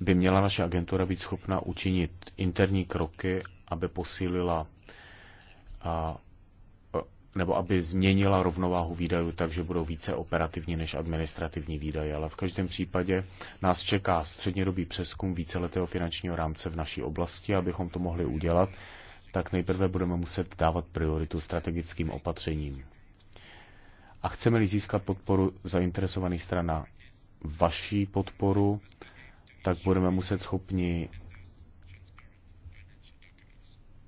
by měla naše agentura být schopna učinit interní kroky, aby posílila a, e, nebo aby změnila rovnováhu výdajů tak, že budou více operativní než administrativní výdaje. Ale v každém případě nás čeká střednědobý přeskum víceletého finančního rámce v naší oblasti, abychom to mohli udělat tak nejprve budeme muset dávat prioritu strategickým opatřením. A chceme-li získat podporu zainteresovaných stran na vaší podporu, tak budeme muset schopni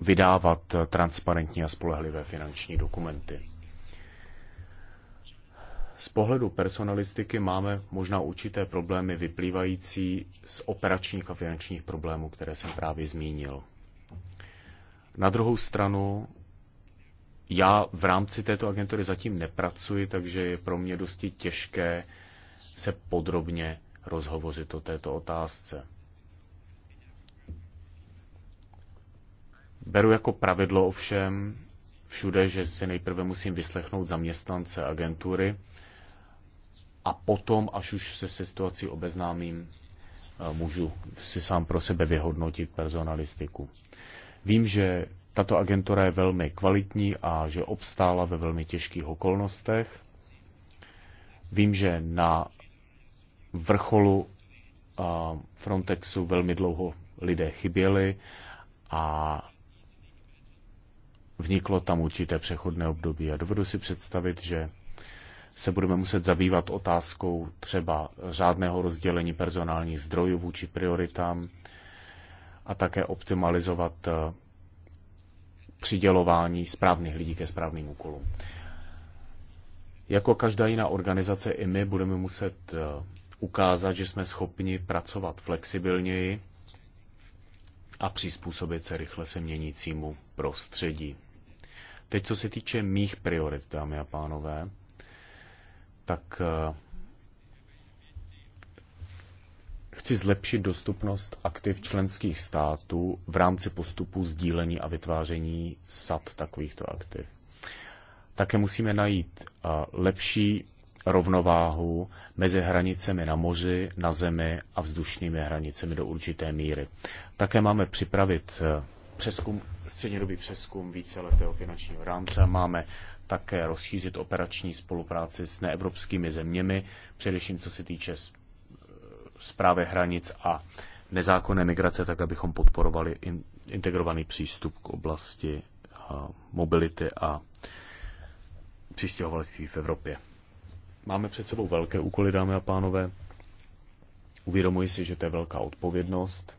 vydávat transparentní a spolehlivé finanční dokumenty. Z pohledu personalistiky máme možná určité problémy vyplývající z operačních a finančních problémů, které jsem právě zmínil. Na druhou stranu, já v rámci této agentury zatím nepracuji, takže je pro mě dosti těžké se podrobně rozhovořit o této otázce. Beru jako pravidlo ovšem všude, že si nejprve musím vyslechnout zaměstnance agentury a potom, až už se situací obeznámím, eh, můžu si sám pro sebe vyhodnotit personalistiku. Vím, že tato agentura je velmi kvalitní a že obstála ve velmi těžkých okolnostech. Vím, že na vrcholu Frontexu velmi dlouho lidé chyběli a vzniklo tam určité přechodné období. A dovedu si představit, že se budeme muset zabývat otázkou třeba řádného rozdělení personálních zdrojů vůči prioritám, a také optimalizovat eh, přidělování správných lidí ke správným úkolům. Jako každá jiná organizace i my budeme muset eh, ukázat, že jsme schopni pracovat flexibilněji a přizpůsobit se rychle se měnícímu prostředí. Teď, co se týče mých priorit, dámy a pánové, tak eh, Chci zlepšit dostupnost aktiv členských států v rámci postupu sdílení a vytváření sad takovýchto aktiv. Také musíme najít eh, lepší rovnováhu mezi hranicemi na moři, na zemi a vzdušnými hranicemi do určité míry. Také máme připravit eh, přeskum, střednědobý přeskum víceletého finančního rámce. Máme také rozšířit operační spolupráci s neevropskými zeměmi, především co se týče zprávě hranic a nezákonné migrace, tak abychom podporovali integrovaný přístup k oblasti mobility a přistěhovalectví v Evropě. Máme před sebou velké úkoly, dámy a pánové. Uvědomuji si, že to je velká odpovědnost.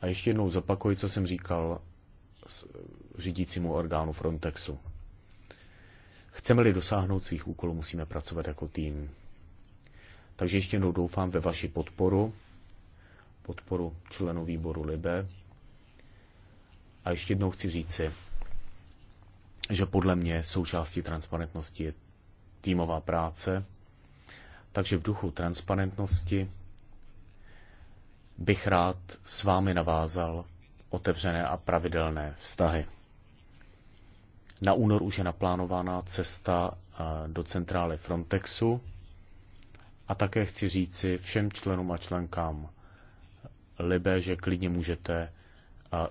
A ještě jednou zopakuji, co jsem říkal řídícímu orgánu Frontexu. Chceme-li dosáhnout svých úkolů, musíme pracovat jako tým. Takže ještě jednou doufám ve vaši podporu, podporu členů výboru Libe. A ještě jednou chci říci, že podle mě součástí transparentnosti je týmová práce, takže v duchu transparentnosti bych rád s vámi navázal otevřené a pravidelné vztahy. Na únor už je naplánována cesta eh, do centrály Frontexu. A také chci říci všem členům a členkám Libe, že klidně můžete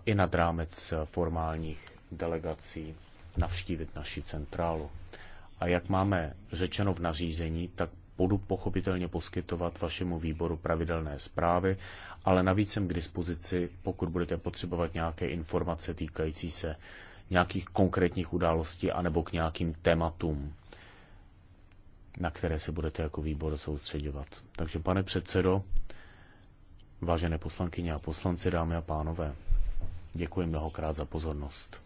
i nad rámec formálních delegací navštívit naši centrálu. A jak máme řečeno v nařízení, tak budu pochopitelně poskytovat vašemu výboru pravidelné zprávy, ale navíc jsem k dispozici, pokud budete potřebovat nějaké informace týkající se nějakých konkrétních událostí anebo k nějakým tématům na které se budete jako výbor soustředovat. Takže pane předsedo, vážené poslankyně a poslanci, dámy a pánové, děkuji mnohokrát za pozornost.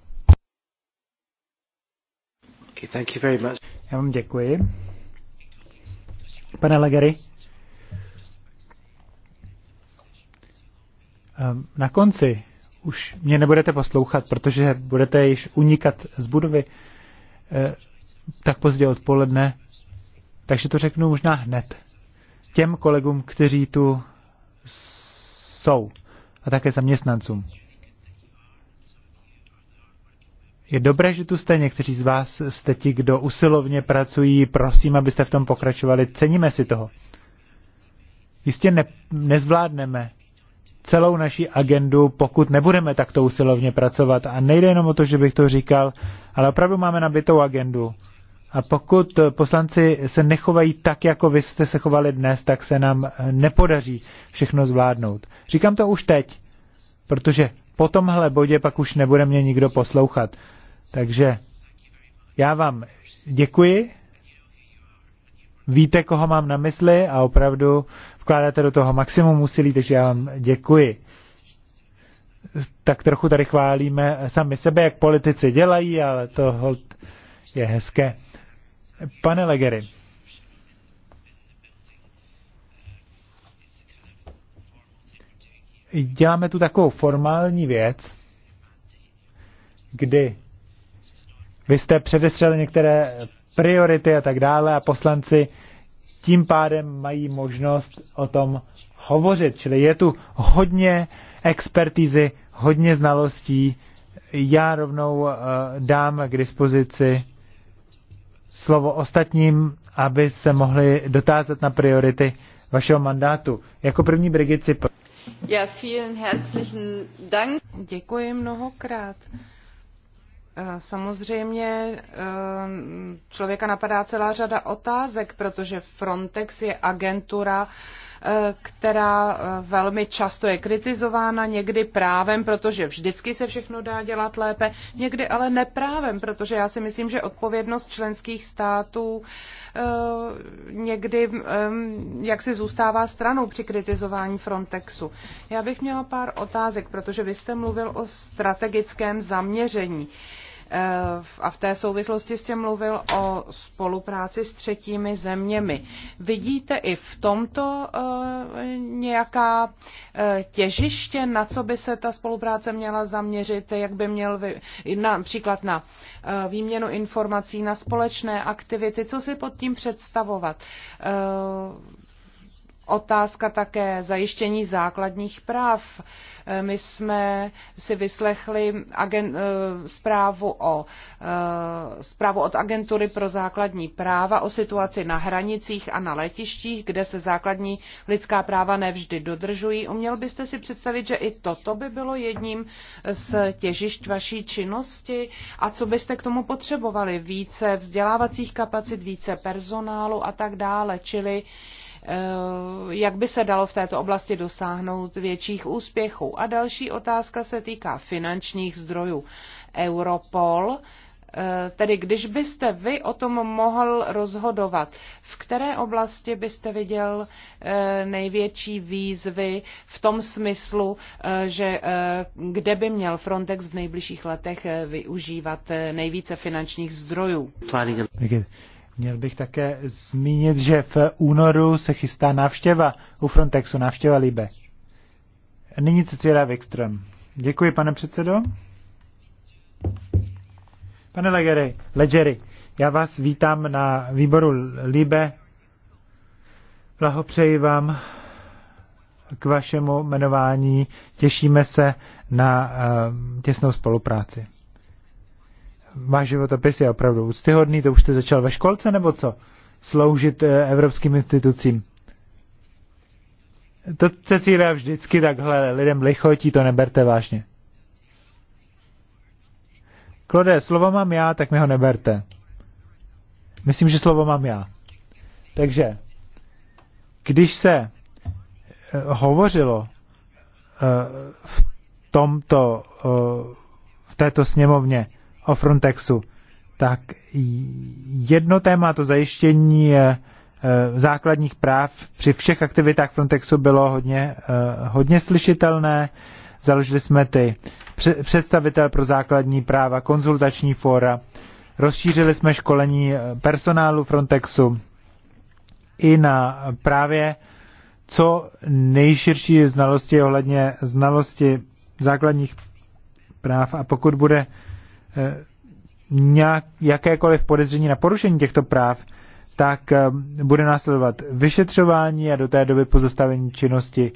Okay, thank you very much. Já vám děkuji. Pane Legery, ehm, na konci už mě nebudete poslouchat, protože budete již unikat z budovy eh, tak pozdě odpoledne. Takže to řeknu možná hned. Těm kolegům, kteří tu jsou a také zaměstnancům. Je dobré, že tu jste. Někteří z vás jste ti, kdo usilovně pracují. Prosím, abyste v tom pokračovali. Ceníme si toho. Jistě ne, nezvládneme celou naši agendu, pokud nebudeme takto usilovně pracovat. A nejde jenom o to, že bych to říkal, ale opravdu máme nabitou agendu. A pokud eh, poslanci se nechovají tak, jako vy jste se chovali dnes, tak se nám eh, nepodaří všechno zvládnout. Říkám to už teď, protože po tomhle bodě pak už nebude mě nikdo poslouchat. Takže já vám děkuji. Víte, koho mám na mysli a opravdu vkládáte do toho maximum úsilí, takže já vám děkuji. Tak trochu tady chválíme sami sebe, jak politici dělají, ale to je hezké. Pane Legery, děláme tu takovou formální věc, kdy vy jste předestřeli některé priority a tak dále a poslanci tím pádem mají možnost o tom hovořit. Čili je tu hodně expertízy, hodně znalostí. Já rovnou eh, dám k dispozici slovo ostatním, aby se mohli dotázat na priority vašeho mandátu. Jako první Brigit Ja, vielen herzlichen Dank. Děkuji mnohokrát. Eh, samozřejmě eh, člověka napadá celá řada otázek, protože Frontex je agentura, Eh, která eh, velmi často je kritizována, někdy právem, protože vždycky se všechno dá dělat lépe, někdy ale neprávem, protože já si myslím, že odpovědnost členských států eh, někdy jak si zůstává stranou při kritizování Frontexu. Já bych měla pár otázek, protože vy jste mluvil o strategickém zaměření. Eh, a v té souvislosti jste mluvil o spolupráci s třetími zeměmi. Vidíte i v tomto eh, nějaká eh, těžiště, na co by se ta spolupráce měla zaměřit, jak by měl vy, například na výměnu informací, na společné aktivity, co si pod tím představovat? otázka také zajištění základních práv. Eh, my jsme si vyslechli agen, eh, zprávu, o, eh, zprávu od Agentury pro základní práva o situaci na hranicích a na letištích, kde se základní lidská práva nevždy dodržují. Uměl byste si představit, že i toto by bylo jedním z těžišť vaší činnosti? A co byste k tomu potřebovali? Více vzdělávacích kapacit, více personálu a tak dále. Čili Eh, jak by se dalo v této oblasti dosáhnout větších úspěchů. A další otázka se týká finančních zdrojů. Europol, eh, tedy když byste vy o tom mohl rozhodovat, v které oblasti byste viděl eh, největší výzvy v tom smyslu, že kde by měl Frontex v nejbližších letech využívat nejvíce finančních zdrojů? Měl bych také zmínit, že v únoru se chystá návštěva u Frontexu, návštěva Libe. Nyní Cecilia Wikström. Děkuji, pane předsedo. Pane Legery, Legery, já vás vítám na výboru Libe. Blahopřeji vám k vašemu jmenování. Těšíme se na eh, těsnou spolupráci. Váš životopis je opravdu úctyhodný, to už jste začal ve školce nebo co? Sloužit eh, evropským institucím. To se cílá vždycky takhle lidem lichotí, to neberte vážně. Klode, slovo mám já, tak mi ho neberte. Myslím, že slovo mám já. Takže, když se eh, hovořilo eh, v tomto, v této sněmovně o Frontexu, tak jedno téma, to zajištění eh, eh, základních práv při všech aktivitách Frontexu bylo hodně, eh, hodně slyšitelné. Založili jsme ty představitel pro základní práva, konzultační fóra, rozšířili jsme školení personálu Frontexu i na právě co nejširší znalosti ohledně znalosti základních práv a pokud bude Eh, nějak, jakékoliv podezření na porušení těchto práv, tak eh, bude následovat vyšetřování a do té doby pozastavení činnosti.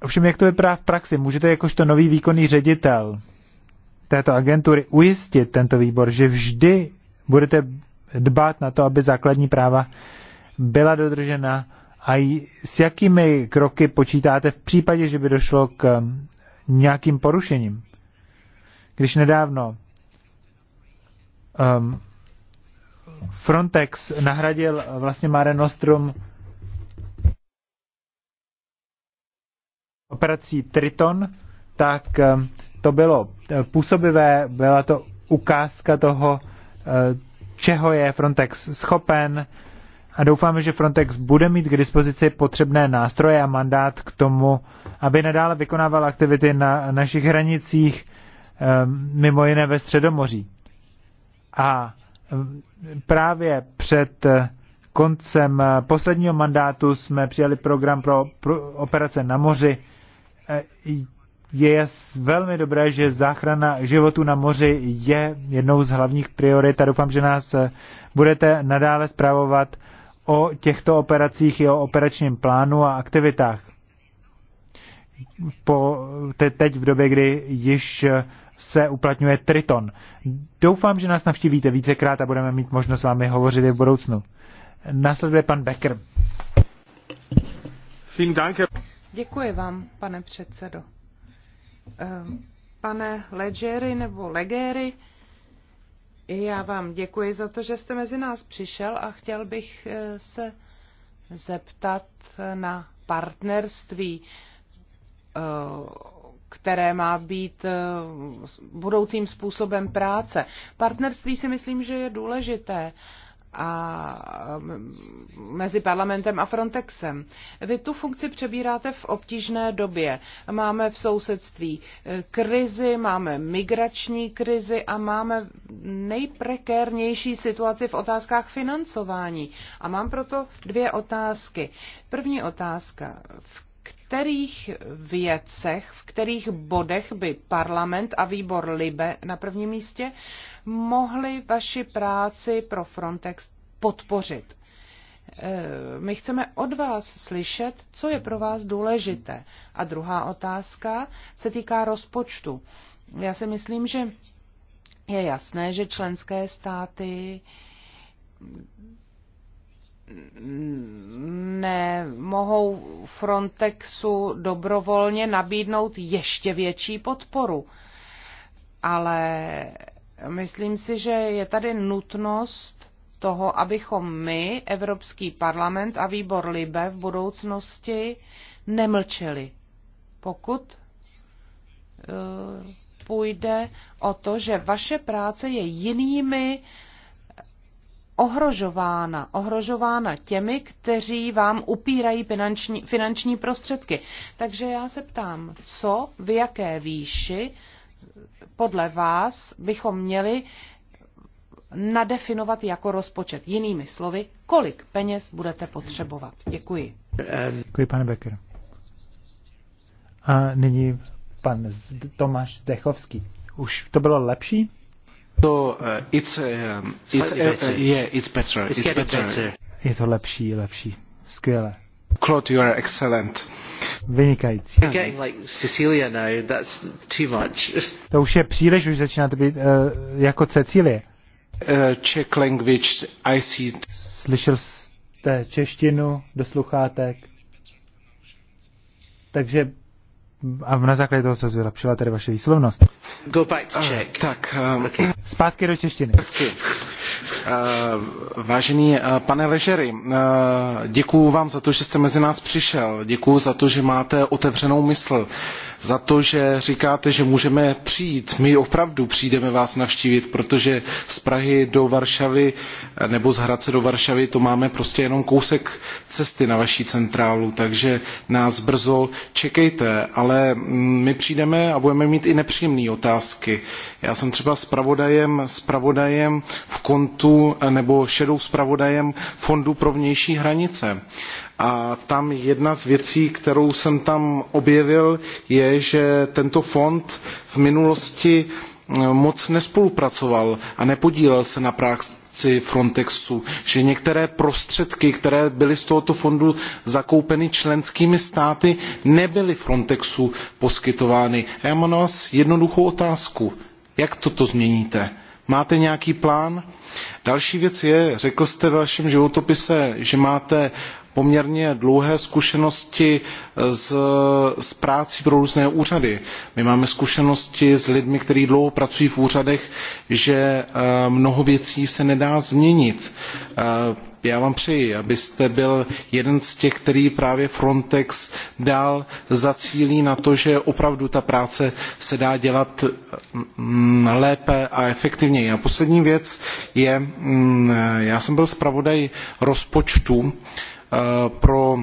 Ovšem, jak to vypadá v praxi? Můžete jakožto nový výkonný ředitel této agentury ujistit tento výbor, že vždy budete dbát na to, aby základní práva byla dodržena a s jakými kroky počítáte v případě, že by došlo k eh, nějakým porušením? Když nedávno um, Frontex nahradil vlastně Mare Nostrum operací Triton, tak um, to bylo eh, působivé, byla to ukázka toho, eh, čeho je Frontex schopen a doufáme, že Frontex bude mít k dispozici potřebné nástroje a mandát k tomu, aby nadále vykonával aktivity na našich hranicích Eh, mimo jiné ve Středomoří. A eh, právě před eh, koncem posledního mandátu jsme přijali program pro, operace na moři. Je velmi dobré, že záchrana životu na moři je jednou z hlavních priorit a doufám, že nás budete nadále zpravovat o těchto operacích i o operačním plánu a aktivitách. Po, te, teď v době, kdy již se uplatňuje Triton. Doufám, že nás navštívíte vícekrát a budeme mít možnost s vámi hovořit i v budoucnu. Nasleduje pan Becker. Děkuji vám, pane předsedo. Ehm, pane Legery nebo Legery, já vám děkuji za to, že jste mezi nás přišel a chtěl bych eh, se zeptat na partnerství eh, které má být eh, budoucím způsobem práce. Partnerství si myslím, že je důležité a mezi parlamentem a Frontexem. Vy tu funkci přebíráte v obtížné době. Máme v sousedství eh, krizi, máme migrační krizi a máme nejprekérnější situaci v otázkách financování. A mám proto dvě otázky. První otázka. V kterých věcech, v kterých bodech by parlament a výbor LIBE na prvním místě mohli vaši práci pro Frontex podpořit. Eh, my chceme od vás slyšet, co je pro vás důležité. A druhá otázka se týká rozpočtu. Já si myslím, že je jasné, že členské státy nemohou Frontexu dobrovolně nabídnout ještě větší podporu. Ale myslím si, že je tady nutnost toho, abychom my, Evropský parlament a výbor Libe v budoucnosti nemlčeli, pokud eh, půjde o to, že vaše práce je jinými ohrožována. Ohrožována těmi, kteří vám upírají finanční, finanční prostředky. Takže já se ptám, co, v jaké výši podle vás bychom měli nadefinovat jako rozpočet. Jinými slovy, kolik peněz budete potřebovat. Děkuji. Děkuji, pane Becker. A nyní pan Tomáš Zdechovský. Už to bylo lepší? So, uh, it's, uh, it's, uh, uh, yeah, it's better. It's, it's better. better. Je to lepší, lepší. Skvěle. Claude, you are excellent. Vynikající. You're getting like Cecilia now, that's too much. To už je příliš, už začínáte být uh, jako Cecilie. Uh, Czech language, I see. Slyšel jste češtinu do sluchátek. Takže a na základě toho se zlepšila tady vaše výslovnost. Go back to eh, Czech. Uh, tak. Um, ehm, okay. Zpátky do češtiny. Okay. Eh, vážený eh, pane Ležery, eh, děkuji vám za to, že jste mezi nás přišel. Děkuji za to, že máte otevřenou mysl. Za to, že říkáte, že můžeme přijít. My opravdu přijdeme vás navštívit, protože z Prahy do Varšavy nebo z Hradce do Varšavy to máme prostě jenom kousek cesty na vaší centrálu, takže nás brzo čekejte. Ale mm, my přijdeme a budeme mít i nepříjemné otázky. Já jsem třeba zpravodajem, zpravodajem v kon kontu eh, nebo šedou zpravodajem Fondu pro vnější hranice. A tam jedna z věcí, kterou jsem tam objevil, je, že tento fond v minulosti eh, moc nespolupracoval a nepodílel se na práci Frontexu, že některé prostředky, které byly z tohoto fondu zakoupeny členskými státy, nebyly Frontexu poskytovány. A já mám na vás jednoduchou otázku. Jak toto změníte? Máte nějaký plán? Další věc je, řekl jste ve vašem životopise, že máte poměrně dlouhé zkušenosti s, eh, s prácí pro různé úřady. My máme zkušenosti s lidmi, kteří dlouho pracují v úřadech, že eh, mnoho věcí se nedá změnit eh, já vám přeji abyste byl jeden z těch který právě frontex dál zacílí na to že opravdu ta práce se dá dělat mm, lépe a efektivněji. a poslední věc je mm, já jsem byl zpravodaj rozpočtu Eh, pro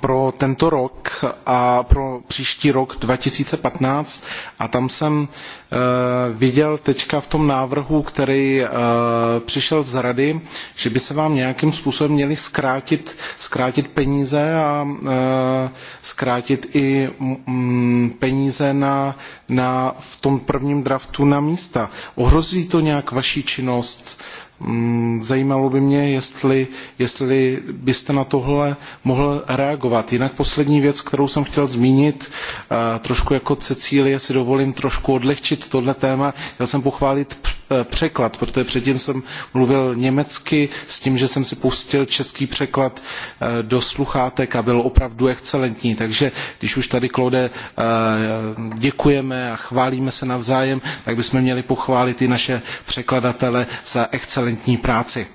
pro tento rok a pro příští rok 2015 a tam jsem eh, viděl teďka v tom návrhu, který eh, přišel z rady, že by se vám nějakým způsobem měly zkrátit, zkrátit peníze a zkrátit i mm, peníze na, na, v tom prvním draftu na místa. Ohrozí to nějak vaší činnost? Mm, zajímalo by mě, jestli, jestli byste na tohle mohl reagovat. Jinak poslední věc, kterou jsem chtěl zmínit, eh, trošku jako Cecílie si dovolím trošku odlehčit tohle téma. Chtěl jsem pochválit eh, překlad, protože předtím jsem mluvil německy s tím, že jsem si pustil český překlad eh, do sluchátek a byl opravdu excelentní. Takže když už tady, Klode, děkujeme a chválíme se navzájem, tak bychom měli pochválit i naše překladatele za excelentní excelentní práci.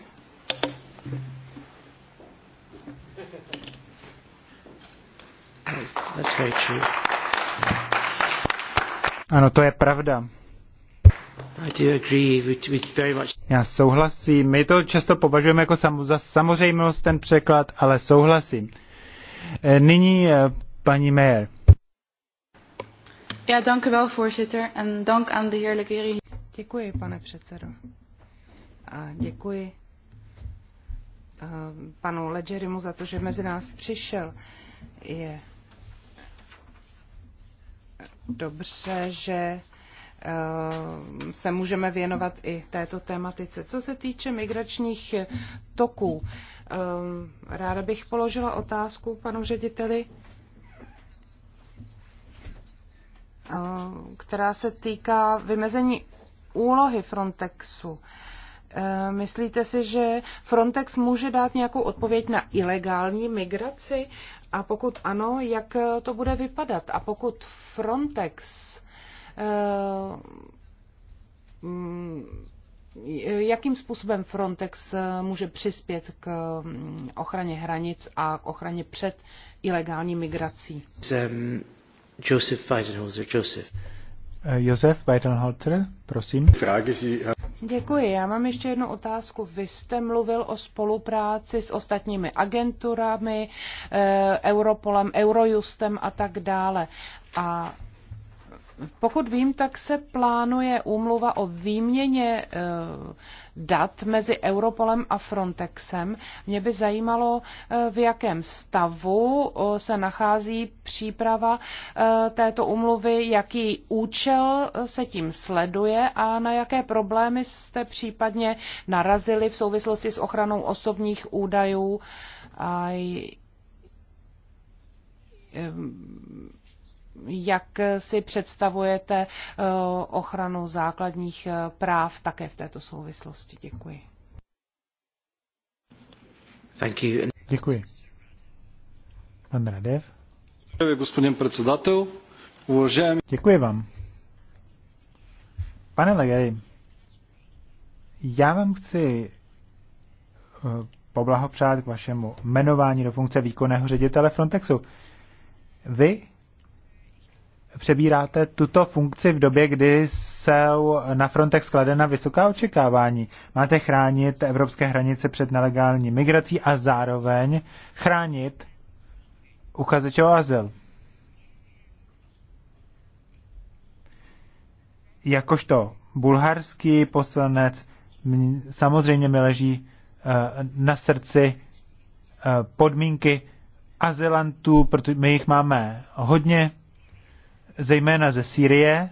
Ano, to je pravda. Já souhlasím. My to často považujeme jako za samozřejmost ten překlad, ale souhlasím. E, nyní e, paní Mayer. Děkuji, pane předsedo děkuji eh, panu Ledgerimu za to, že mezi nás přišel. Je dobře, že eh, se můžeme věnovat i této tématice. Co se týče migračních toků, eh, ráda bych položila otázku panu řediteli, která se týká vymezení úlohy Frontexu. Eh, myslíte si, že Frontex může dát nějakou odpověď na ilegální migraci? A pokud ano, jak eh, to bude vypadat? A pokud Frontex eh, mm, jakým způsobem Frontex může přispět k mm, ochraně hranic a k ochraně před ilegální migrací? Um, Joseph Joseph. Eh, Josef Weidenholzer, prosím. Děkuji. Já mám ještě jednu otázku. Vy jste mluvil o spolupráci s ostatními agenturami, eh, Europolem, Eurojustem a tak dále. A pokud vím, tak se plánuje úmluva o výměně eh, dat mezi Europolem a Frontexem. Mě by zajímalo, eh, v jakém stavu eh, se nachází příprava této úmluvy, jaký účel se tím sleduje a na jaké problémy jste případně narazili v souvislosti s ochranou osobních údajů. A jak si představujete eh, ochranu základních eh, práv také v této souvislosti. Děkuji. Thank you. Děkuji. Pan Radev. Господин председател, уважаеми... Děkuji vám. Pane Legeri, já vám chci eh, poblahopřát k vašemu jmenování do funkce výkonného ředitele Frontexu. Vy přebíráte tuto funkci v době, kdy jsou na frontech skladena vysoká očekávání. Máte chránit evropské hranice před nelegální migrací a zároveň chránit uchazeče o azyl. Jakožto bulharský poslanec samozřejmě mi leží eh, na srdci eh, podmínky azylantů, protože my jich máme hodně zejména ze Syrie.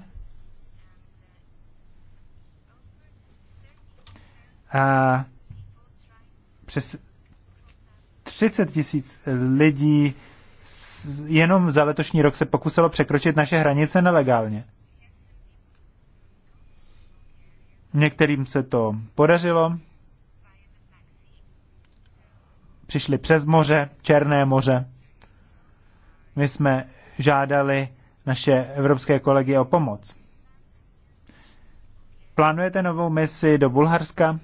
A přes 30 tisíc lidí jenom za letošní rok se pokusilo překročit naše hranice nelegálně. Některým se to podařilo. Přišli přes moře, Černé moře. My jsme žádali naše evropské kolegy o pomoc. Plánujete novou misi do Bulharska?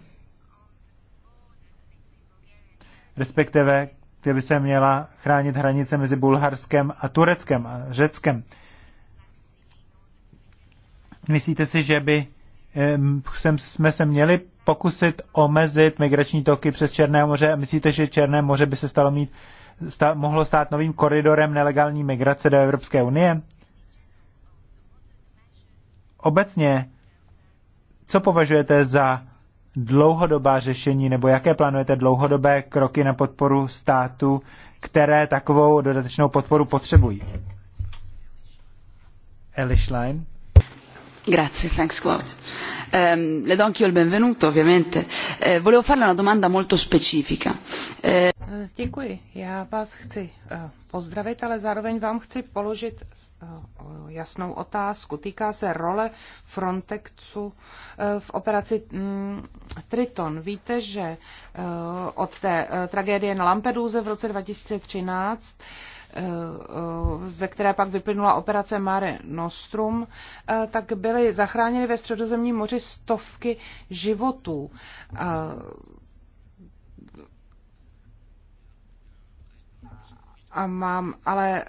Respektive, kde by se měla chránit hranice mezi Bulharskem a Tureckem a Řeckem. Myslíte si, že by jsme se měli pokusit omezit migrační toky přes Černé moře? Myslíte, že Černé moře by se stalo mít, sta, mohlo stát novým koridorem nelegální migrace do Evropské unie? obecně, co považujete za dlouhodobá řešení, nebo jaké plánujete dlouhodobé kroky na podporu státu, které takovou dodatečnou podporu potřebují? Elišlein. Grazie, thanks Claude. Um, le do anch'io il benvenuto, ovviamente. Eh, volevo farle una domanda molto specifica. Eh... eh děkuji. Já vás chci eh, pozdravit, ale zároveň vám chci položit eh, jasnou otázku. Týká se role Frontexu v operaci mm, Triton. Víte, že od té tragédie na Lampeduze v roce 2013 Eh, ze které pak vyplynula operace Mare Nostrum, eh, tak byly zachráněny ve středozemním moři stovky životů. Eh, a mám, ale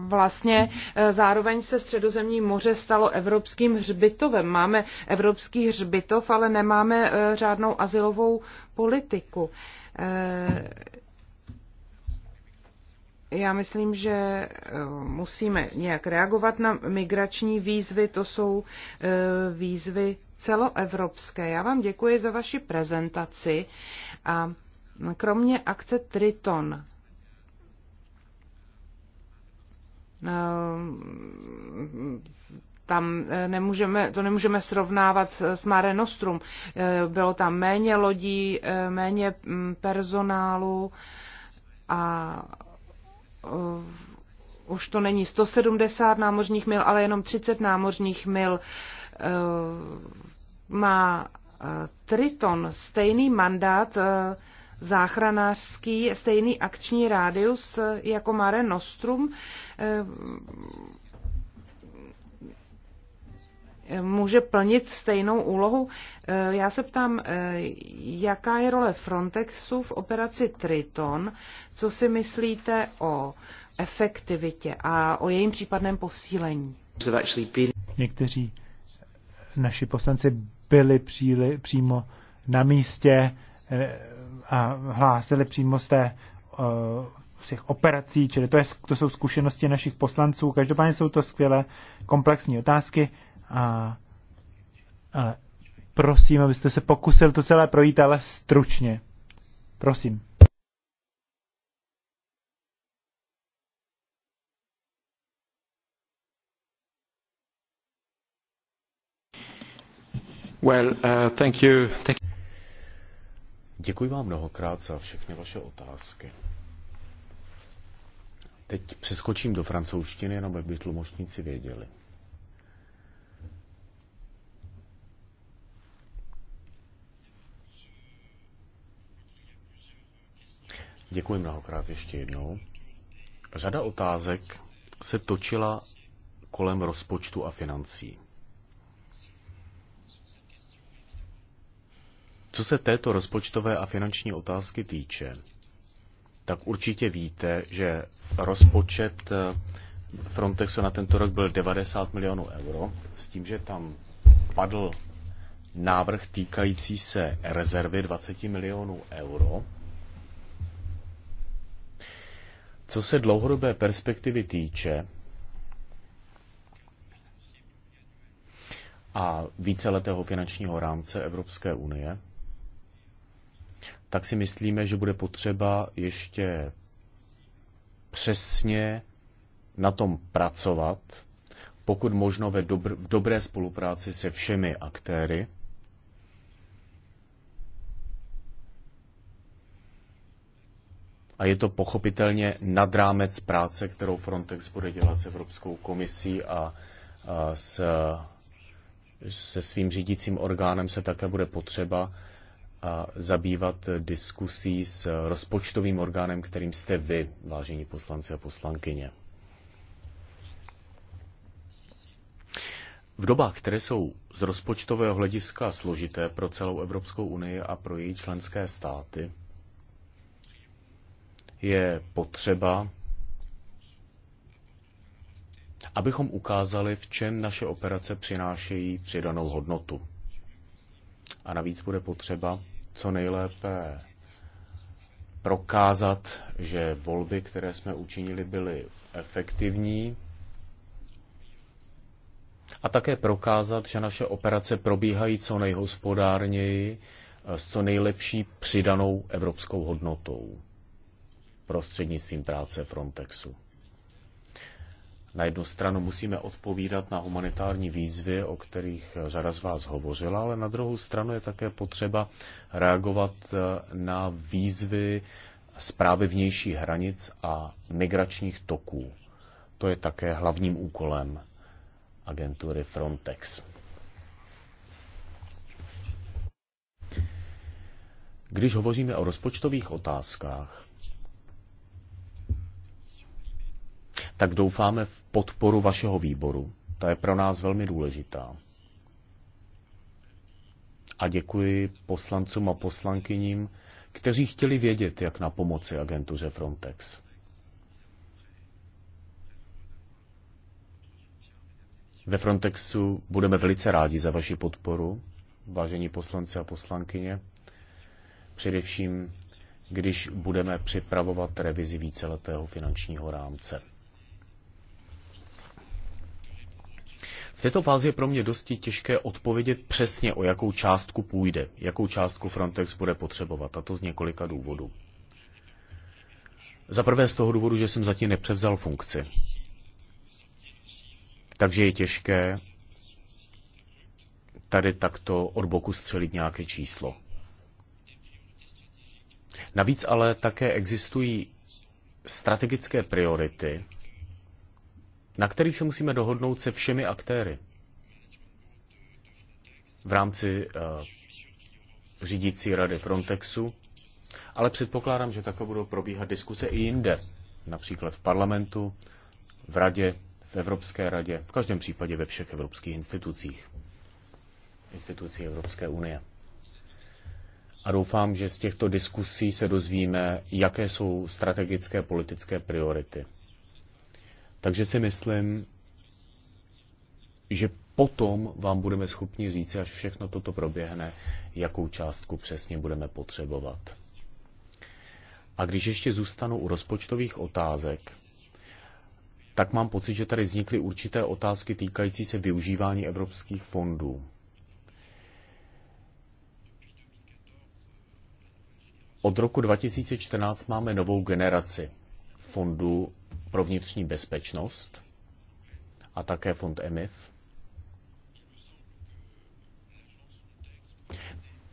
vlastně zároveň se středozemní moře stalo evropským hřbitovem. Máme evropský hřbitov, ale nemáme řádnou asilovou politiku. Já myslím, že eh, musíme nějak reagovat na migrační výzvy. To jsou eh, výzvy celoevropské. Já vám děkuji za vaši prezentaci a kromě akce Triton eh, tam nemůžeme, to nemůžeme srovnávat s Mare Nostrum. Bylo tam méně lodí, méně mm, personálu a Eh, už to není 170 námořních mil, ale jenom 30 námořních mil. Eh, má eh, Triton stejný mandát záchranářský, stejný akční rádius jako Mare Nostrum může plnit stejnou úlohu. Eh, já se ptám, eh, jaká je role Frontexu v operaci Triton, co si myslíte o efektivitě a o jejím případném posílení? Někteří naši poslanci byli příli, přímo na místě eh, a hlásili přímo z, té, z těch operací, čili to, je, to jsou zkušenosti našich poslanců. Každopádně jsou to skvělé komplexní otázky a, ale prosím, abyste se pokusil to celé projít, ale stručně. Prosím. Well, uh, thank you. Thank Děkuji vám mnohokrát za všechny vaše otázky. Teď přeskočím do francouzštiny, jenom aby tlumočníci věděli. Děkuji mnohokrát ještě jednou. Řada otázek se točila kolem rozpočtu a financí. Co se této rozpočtové a finanční otázky týče, tak určitě víte, že rozpočet eh, Frontexu na tento rok byl 90 milionů euro, s tím, že tam padl návrh týkající se rezervy 20 milionů euro Co se dlouhodobé perspektivy týče a víceletého finančního rámce Evropské unie, tak si myslíme, že bude potřeba ještě přesně na tom pracovat, pokud možno ve dobr- v dobré spolupráci se všemi aktéry, a je to pochopitelně nad rámec práce, kterou Frontex bude dělat s Evropskou komisí a, a s, se svým řídícím orgánem se také bude potřeba a zabývat diskusí s rozpočtovým orgánem, kterým jste vy, vážení poslanci a poslankyně. V dobách, které jsou z rozpočtového hlediska složité pro celou Evropskou unii a pro její členské státy, je potřeba, abychom ukázali, v čem naše operace přinášejí přidanou hodnotu. A navíc bude potřeba co nejlépe prokázat, že volby, které jsme učinili, byly efektivní a také prokázat, že naše operace probíhají co nejhospodárněji s co nejlepší přidanou evropskou hodnotou prostřednictvím práce Frontexu. Na jednu stranu musíme odpovídat na humanitární výzvy, o kterých řada z vás hovořila, ale na druhou stranu je také potřeba reagovat eh, na výzvy zprávy vnějších hranic a migračních toků. To je také hlavním úkolem agentury Frontex. Když hovoříme o rozpočtových otázkách, tak doufáme v podporu vašeho výboru. Ta je pro nás velmi důležitá. A děkuji poslancům a poslankyním, kteří chtěli vědět, jak na pomoci agentuře Frontex. Ve Frontexu budeme velice rádi za vaši podporu, vážení poslanci a poslankyně, především když budeme připravovat revizi víceletého finančního rámce. V této fázi je pro mě dosti těžké odpovědět přesně, o jakou částku půjde, jakou částku Frontex bude potřebovat, a to z několika důvodů. Za prvé z toho důvodu, že jsem zatím nepřevzal funkci. Takže je těžké tady takto od boku střelit nějaké číslo. Navíc ale také existují strategické priority, na který se musíme dohodnout se všemi aktéry v rámci uh, řídící rady Frontexu, ale předpokládám, že také budou probíhat diskuse i jinde, například v parlamentu, v radě, v Evropské radě, v každém případě ve všech evropských institucích, institucí Evropské unie. A doufám, že z těchto diskusí se dozvíme, jaké jsou strategické politické priority takže si myslím, že potom vám budeme schopni říct, až všechno toto proběhne, jakou částku přesně budeme potřebovat. A když ještě zůstanu u rozpočtových otázek, tak mám pocit, že tady vznikly určité otázky týkající se využívání evropských fondů. Od roku 2014 máme novou generaci fondů pro vnitřní bezpečnost a také fond EMIF.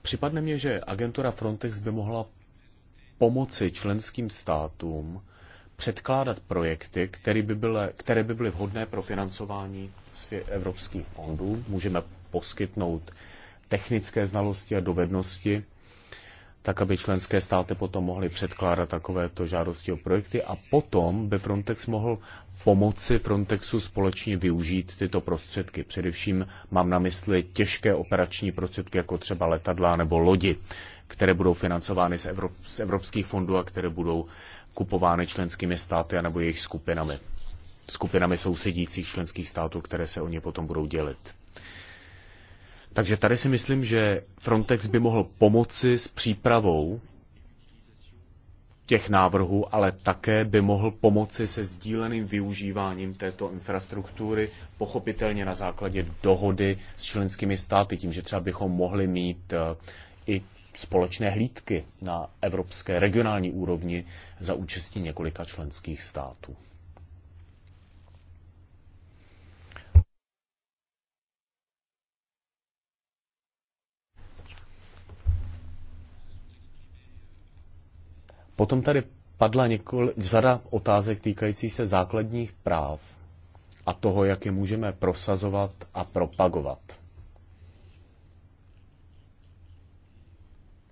Připadne mě, že agentura Frontex by mohla pomoci členským státům předkládat projekty, které by, byly, které by byly vhodné pro financování evropských fondů. Můžeme poskytnout technické znalosti a dovednosti tak aby členské státy potom mohly předkládat takovéto žádosti o projekty a potom by Frontex mohl pomoci Frontexu společně využít tyto prostředky. Především mám na mysli těžké operační prostředky, jako třeba letadla nebo lodi, které budou financovány z, Evrop, z evropských fondů a které budou kupovány členskými státy a nebo jejich skupinami. Skupinami sousedících členských států, které se o ně potom budou dělit. Takže tady si myslím, že Frontex by mohl pomoci s přípravou těch návrhů, ale také by mohl pomoci se sdíleným využíváním této infrastruktury, pochopitelně na základě dohody s členskými státy, tím, že třeba bychom mohli mít eh, i společné hlídky na evropské regionální úrovni za účastí několika členských států. Potom tady padla několik, řada otázek týkající se základních práv a toho, jak je můžeme prosazovat a propagovat.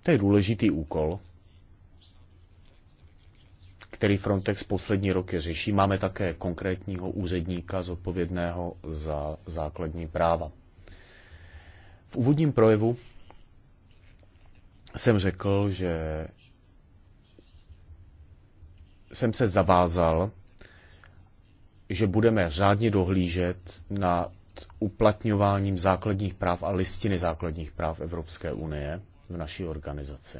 To je důležitý úkol, který Frontex poslední roky řeší. Máme také konkrétního úředníka zodpovědného za základní práva. V úvodním projevu jsem řekl, že jsem se zavázal, že budeme řádně dohlížet nad uplatňováním základních práv a listiny základních práv Evropské unie v naší organizaci.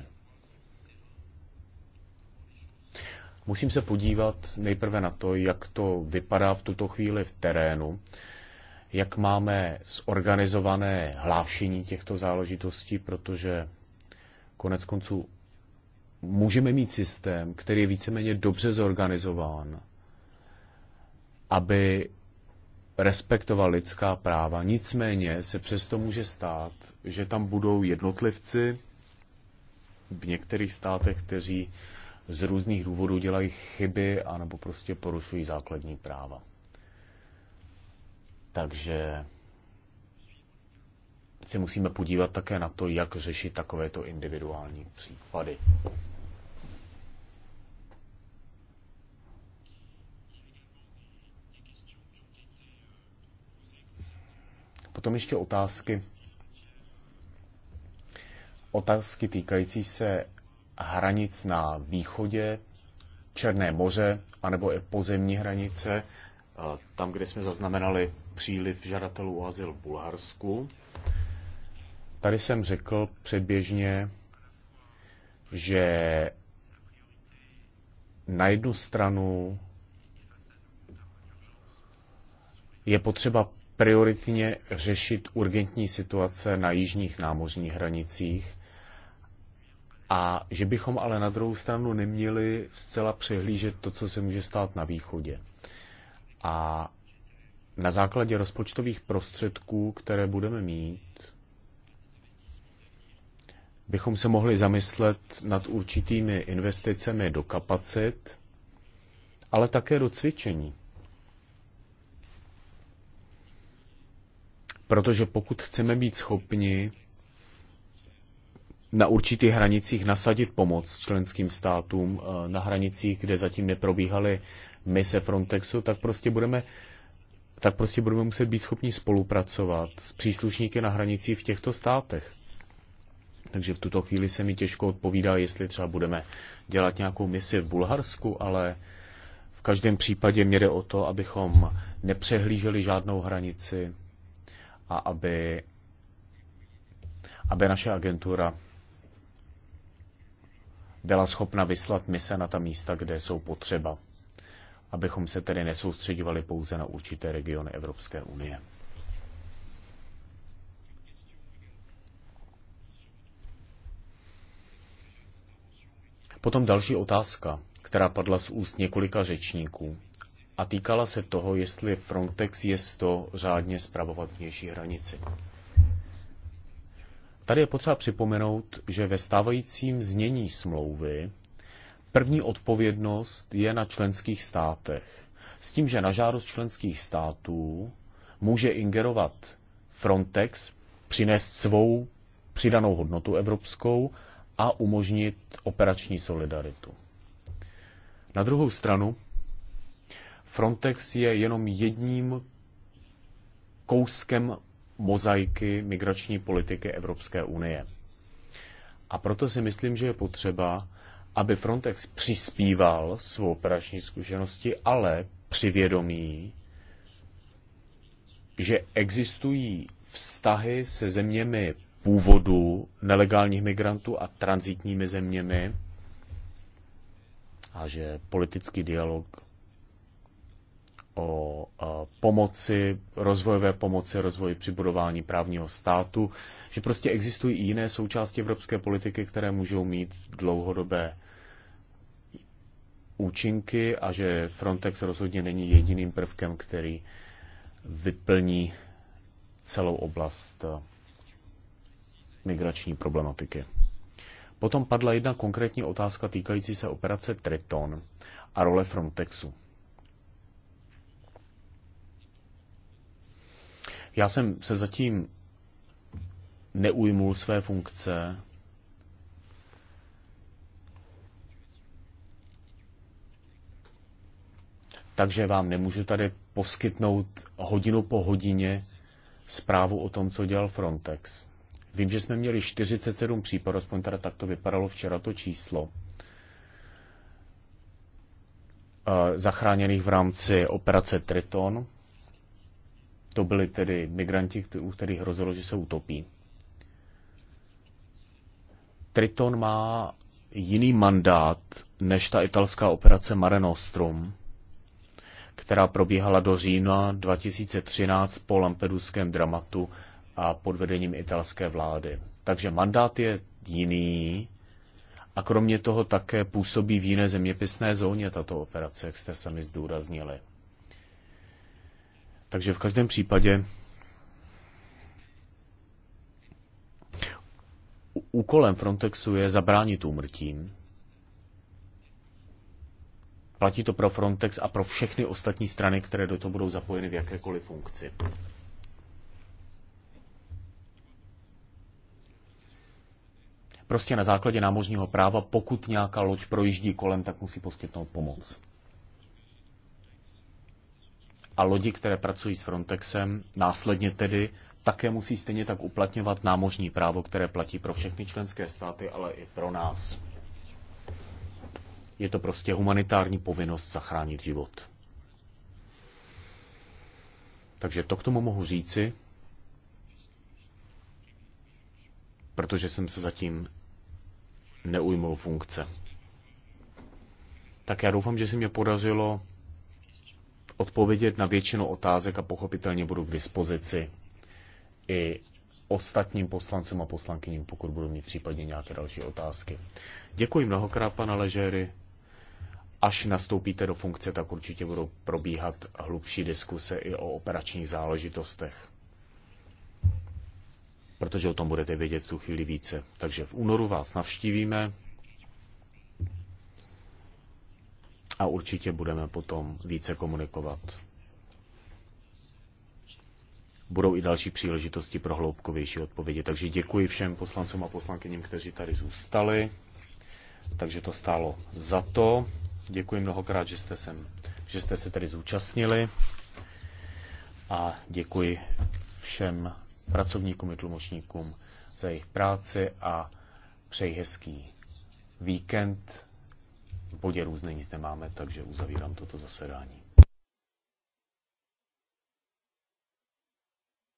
Musím se podívat nejprve na to, jak to vypadá v tuto chvíli v terénu, jak máme zorganizované hlášení těchto záležitostí, protože konec konců můžeme mít systém, který je víceméně dobře zorganizován, aby respektoval lidská práva. Nicméně se přesto může stát, že tam budou jednotlivci v některých státech, kteří z různých důvodů dělají chyby anebo prostě porušují základní práva. Takže se musíme podívat také na to, jak řešit takovéto individuální případy. Potom ještě otázky. Otázky týkající se hranic na východě, Černé moře, anebo i pozemní hranice, eh, tam, kde jsme zaznamenali příliv žadatelů o azyl v Bulharsku. Tady jsem řekl předběžně, že na jednu stranu je potřeba prioritně řešit urgentní situace na jižních námořních hranicích a že bychom ale na druhou stranu neměli zcela přehlížet to, co se může stát na východě. A na základě rozpočtových prostředků, které budeme mít, bychom se mohli zamyslet nad určitými investicemi do kapacit, ale také do cvičení. Protože pokud chceme být schopni na určitých hranicích nasadit pomoc členským státům, eh, na hranicích, kde zatím neprobíhaly mise Frontexu, tak prostě budeme tak prostě budeme muset být schopni spolupracovat s příslušníky na hranicích v těchto státech. Takže v tuto chvíli se mi těžko odpovídá, jestli třeba budeme dělat nějakou misi v Bulharsku, ale v každém případě mě jde o to, abychom nepřehlíželi žádnou hranici a aby, aby naše agentura byla schopna vyslat mise na ta místa, kde jsou potřeba, abychom se tedy nesoustředovali pouze na určité regiony Evropské unie. Potom další otázka, která padla z úst několika řečníků a týkala se toho, jestli Frontex je z to řádně zpravovat vnější hranici. Tady je potřeba připomenout, že ve stávajícím znění smlouvy první odpovědnost je na členských státech. S tím, že na žádost členských států může ingerovat Frontex, přinést svou přidanou hodnotu evropskou a umožnit operační solidaritu. Na druhou stranu, Frontex je jenom jedním kouskem mozaiky migrační politiky Evropské unie. A proto si myslím, že je potřeba, aby Frontex přispíval svou operační zkušenosti, ale při vědomí, že existují vztahy se zeměmi původu nelegálních migrantů a transitními zeměmi a že politický dialog o pomoci, rozvojové pomoci, rozvoji přibudování právního státu, že prostě existují i jiné součásti evropské politiky, které můžou mít dlouhodobé účinky a že Frontex rozhodně není jediným prvkem, který vyplní celou oblast migrační problematiky. Potom padla jedna konkrétní otázka týkající se operace Triton a role Frontexu. Já jsem se zatím neujmul své funkce. Takže vám nemůžu tady poskytnout hodinu po hodině zprávu o tom, co dělal Frontex. Vím, že jsme měli 47 případů, aspoň teda tak to vypadalo včera to číslo, eh, zachráněných v rámci operace Triton. To byli tedy migranti, u kterých hrozilo, že se utopí. Triton má jiný mandát než ta italská operace Mare Nostrum, která probíhala do října 2013 po lampeduském dramatu a pod vedením italské vlády. Takže mandát je jiný a kromě toho také působí v jiné zeměpisné zóně tato operace, jak jste sami zdůraznili. Takže v každém případě úkolem Frontexu je zabránit úmrtím. Platí to pro Frontex a pro všechny ostatní strany, které do toho budou zapojeny v jakékoliv funkci. Prostě na základě námořního práva, pokud nějaká loď projíždí kolem, tak musí poskytnout pomoc. A lodi, které pracují s Frontexem, následně tedy také musí stejně tak uplatňovat námořní právo, které platí pro všechny členské státy, ale i pro nás. Je to prostě humanitární povinnost zachránit život. Takže to k tomu mohu říci, protože jsem se zatím neujmou funkce. Tak já doufám, že se mě podařilo odpovědět na většinu otázek a pochopitelně budu k dispozici i ostatním poslancům a poslankyním, pokud budou mít případně nějaké další otázky. Děkuji mnohokrát, pana Ležery. Až nastoupíte do funkce, tak určitě budou probíhat hlubší diskuse i o operačních záležitostech protože o tom budete vědět tu chvíli více. Takže v únoru vás navštívíme a určitě budeme potom více komunikovat. Budou i další příležitosti pro hloubkovější odpovědi. Takže děkuji všem poslancům a poslankyním, kteří tady zůstali. Takže to stálo za to. Děkuji mnohokrát, že jste, sem, že jste se tady zúčastnili a děkuji všem pracovníkům i tlumočníkům za jejich práci a přeji hezký víkend. V bodě různé nic nemáme, takže uzavírám toto zasedání.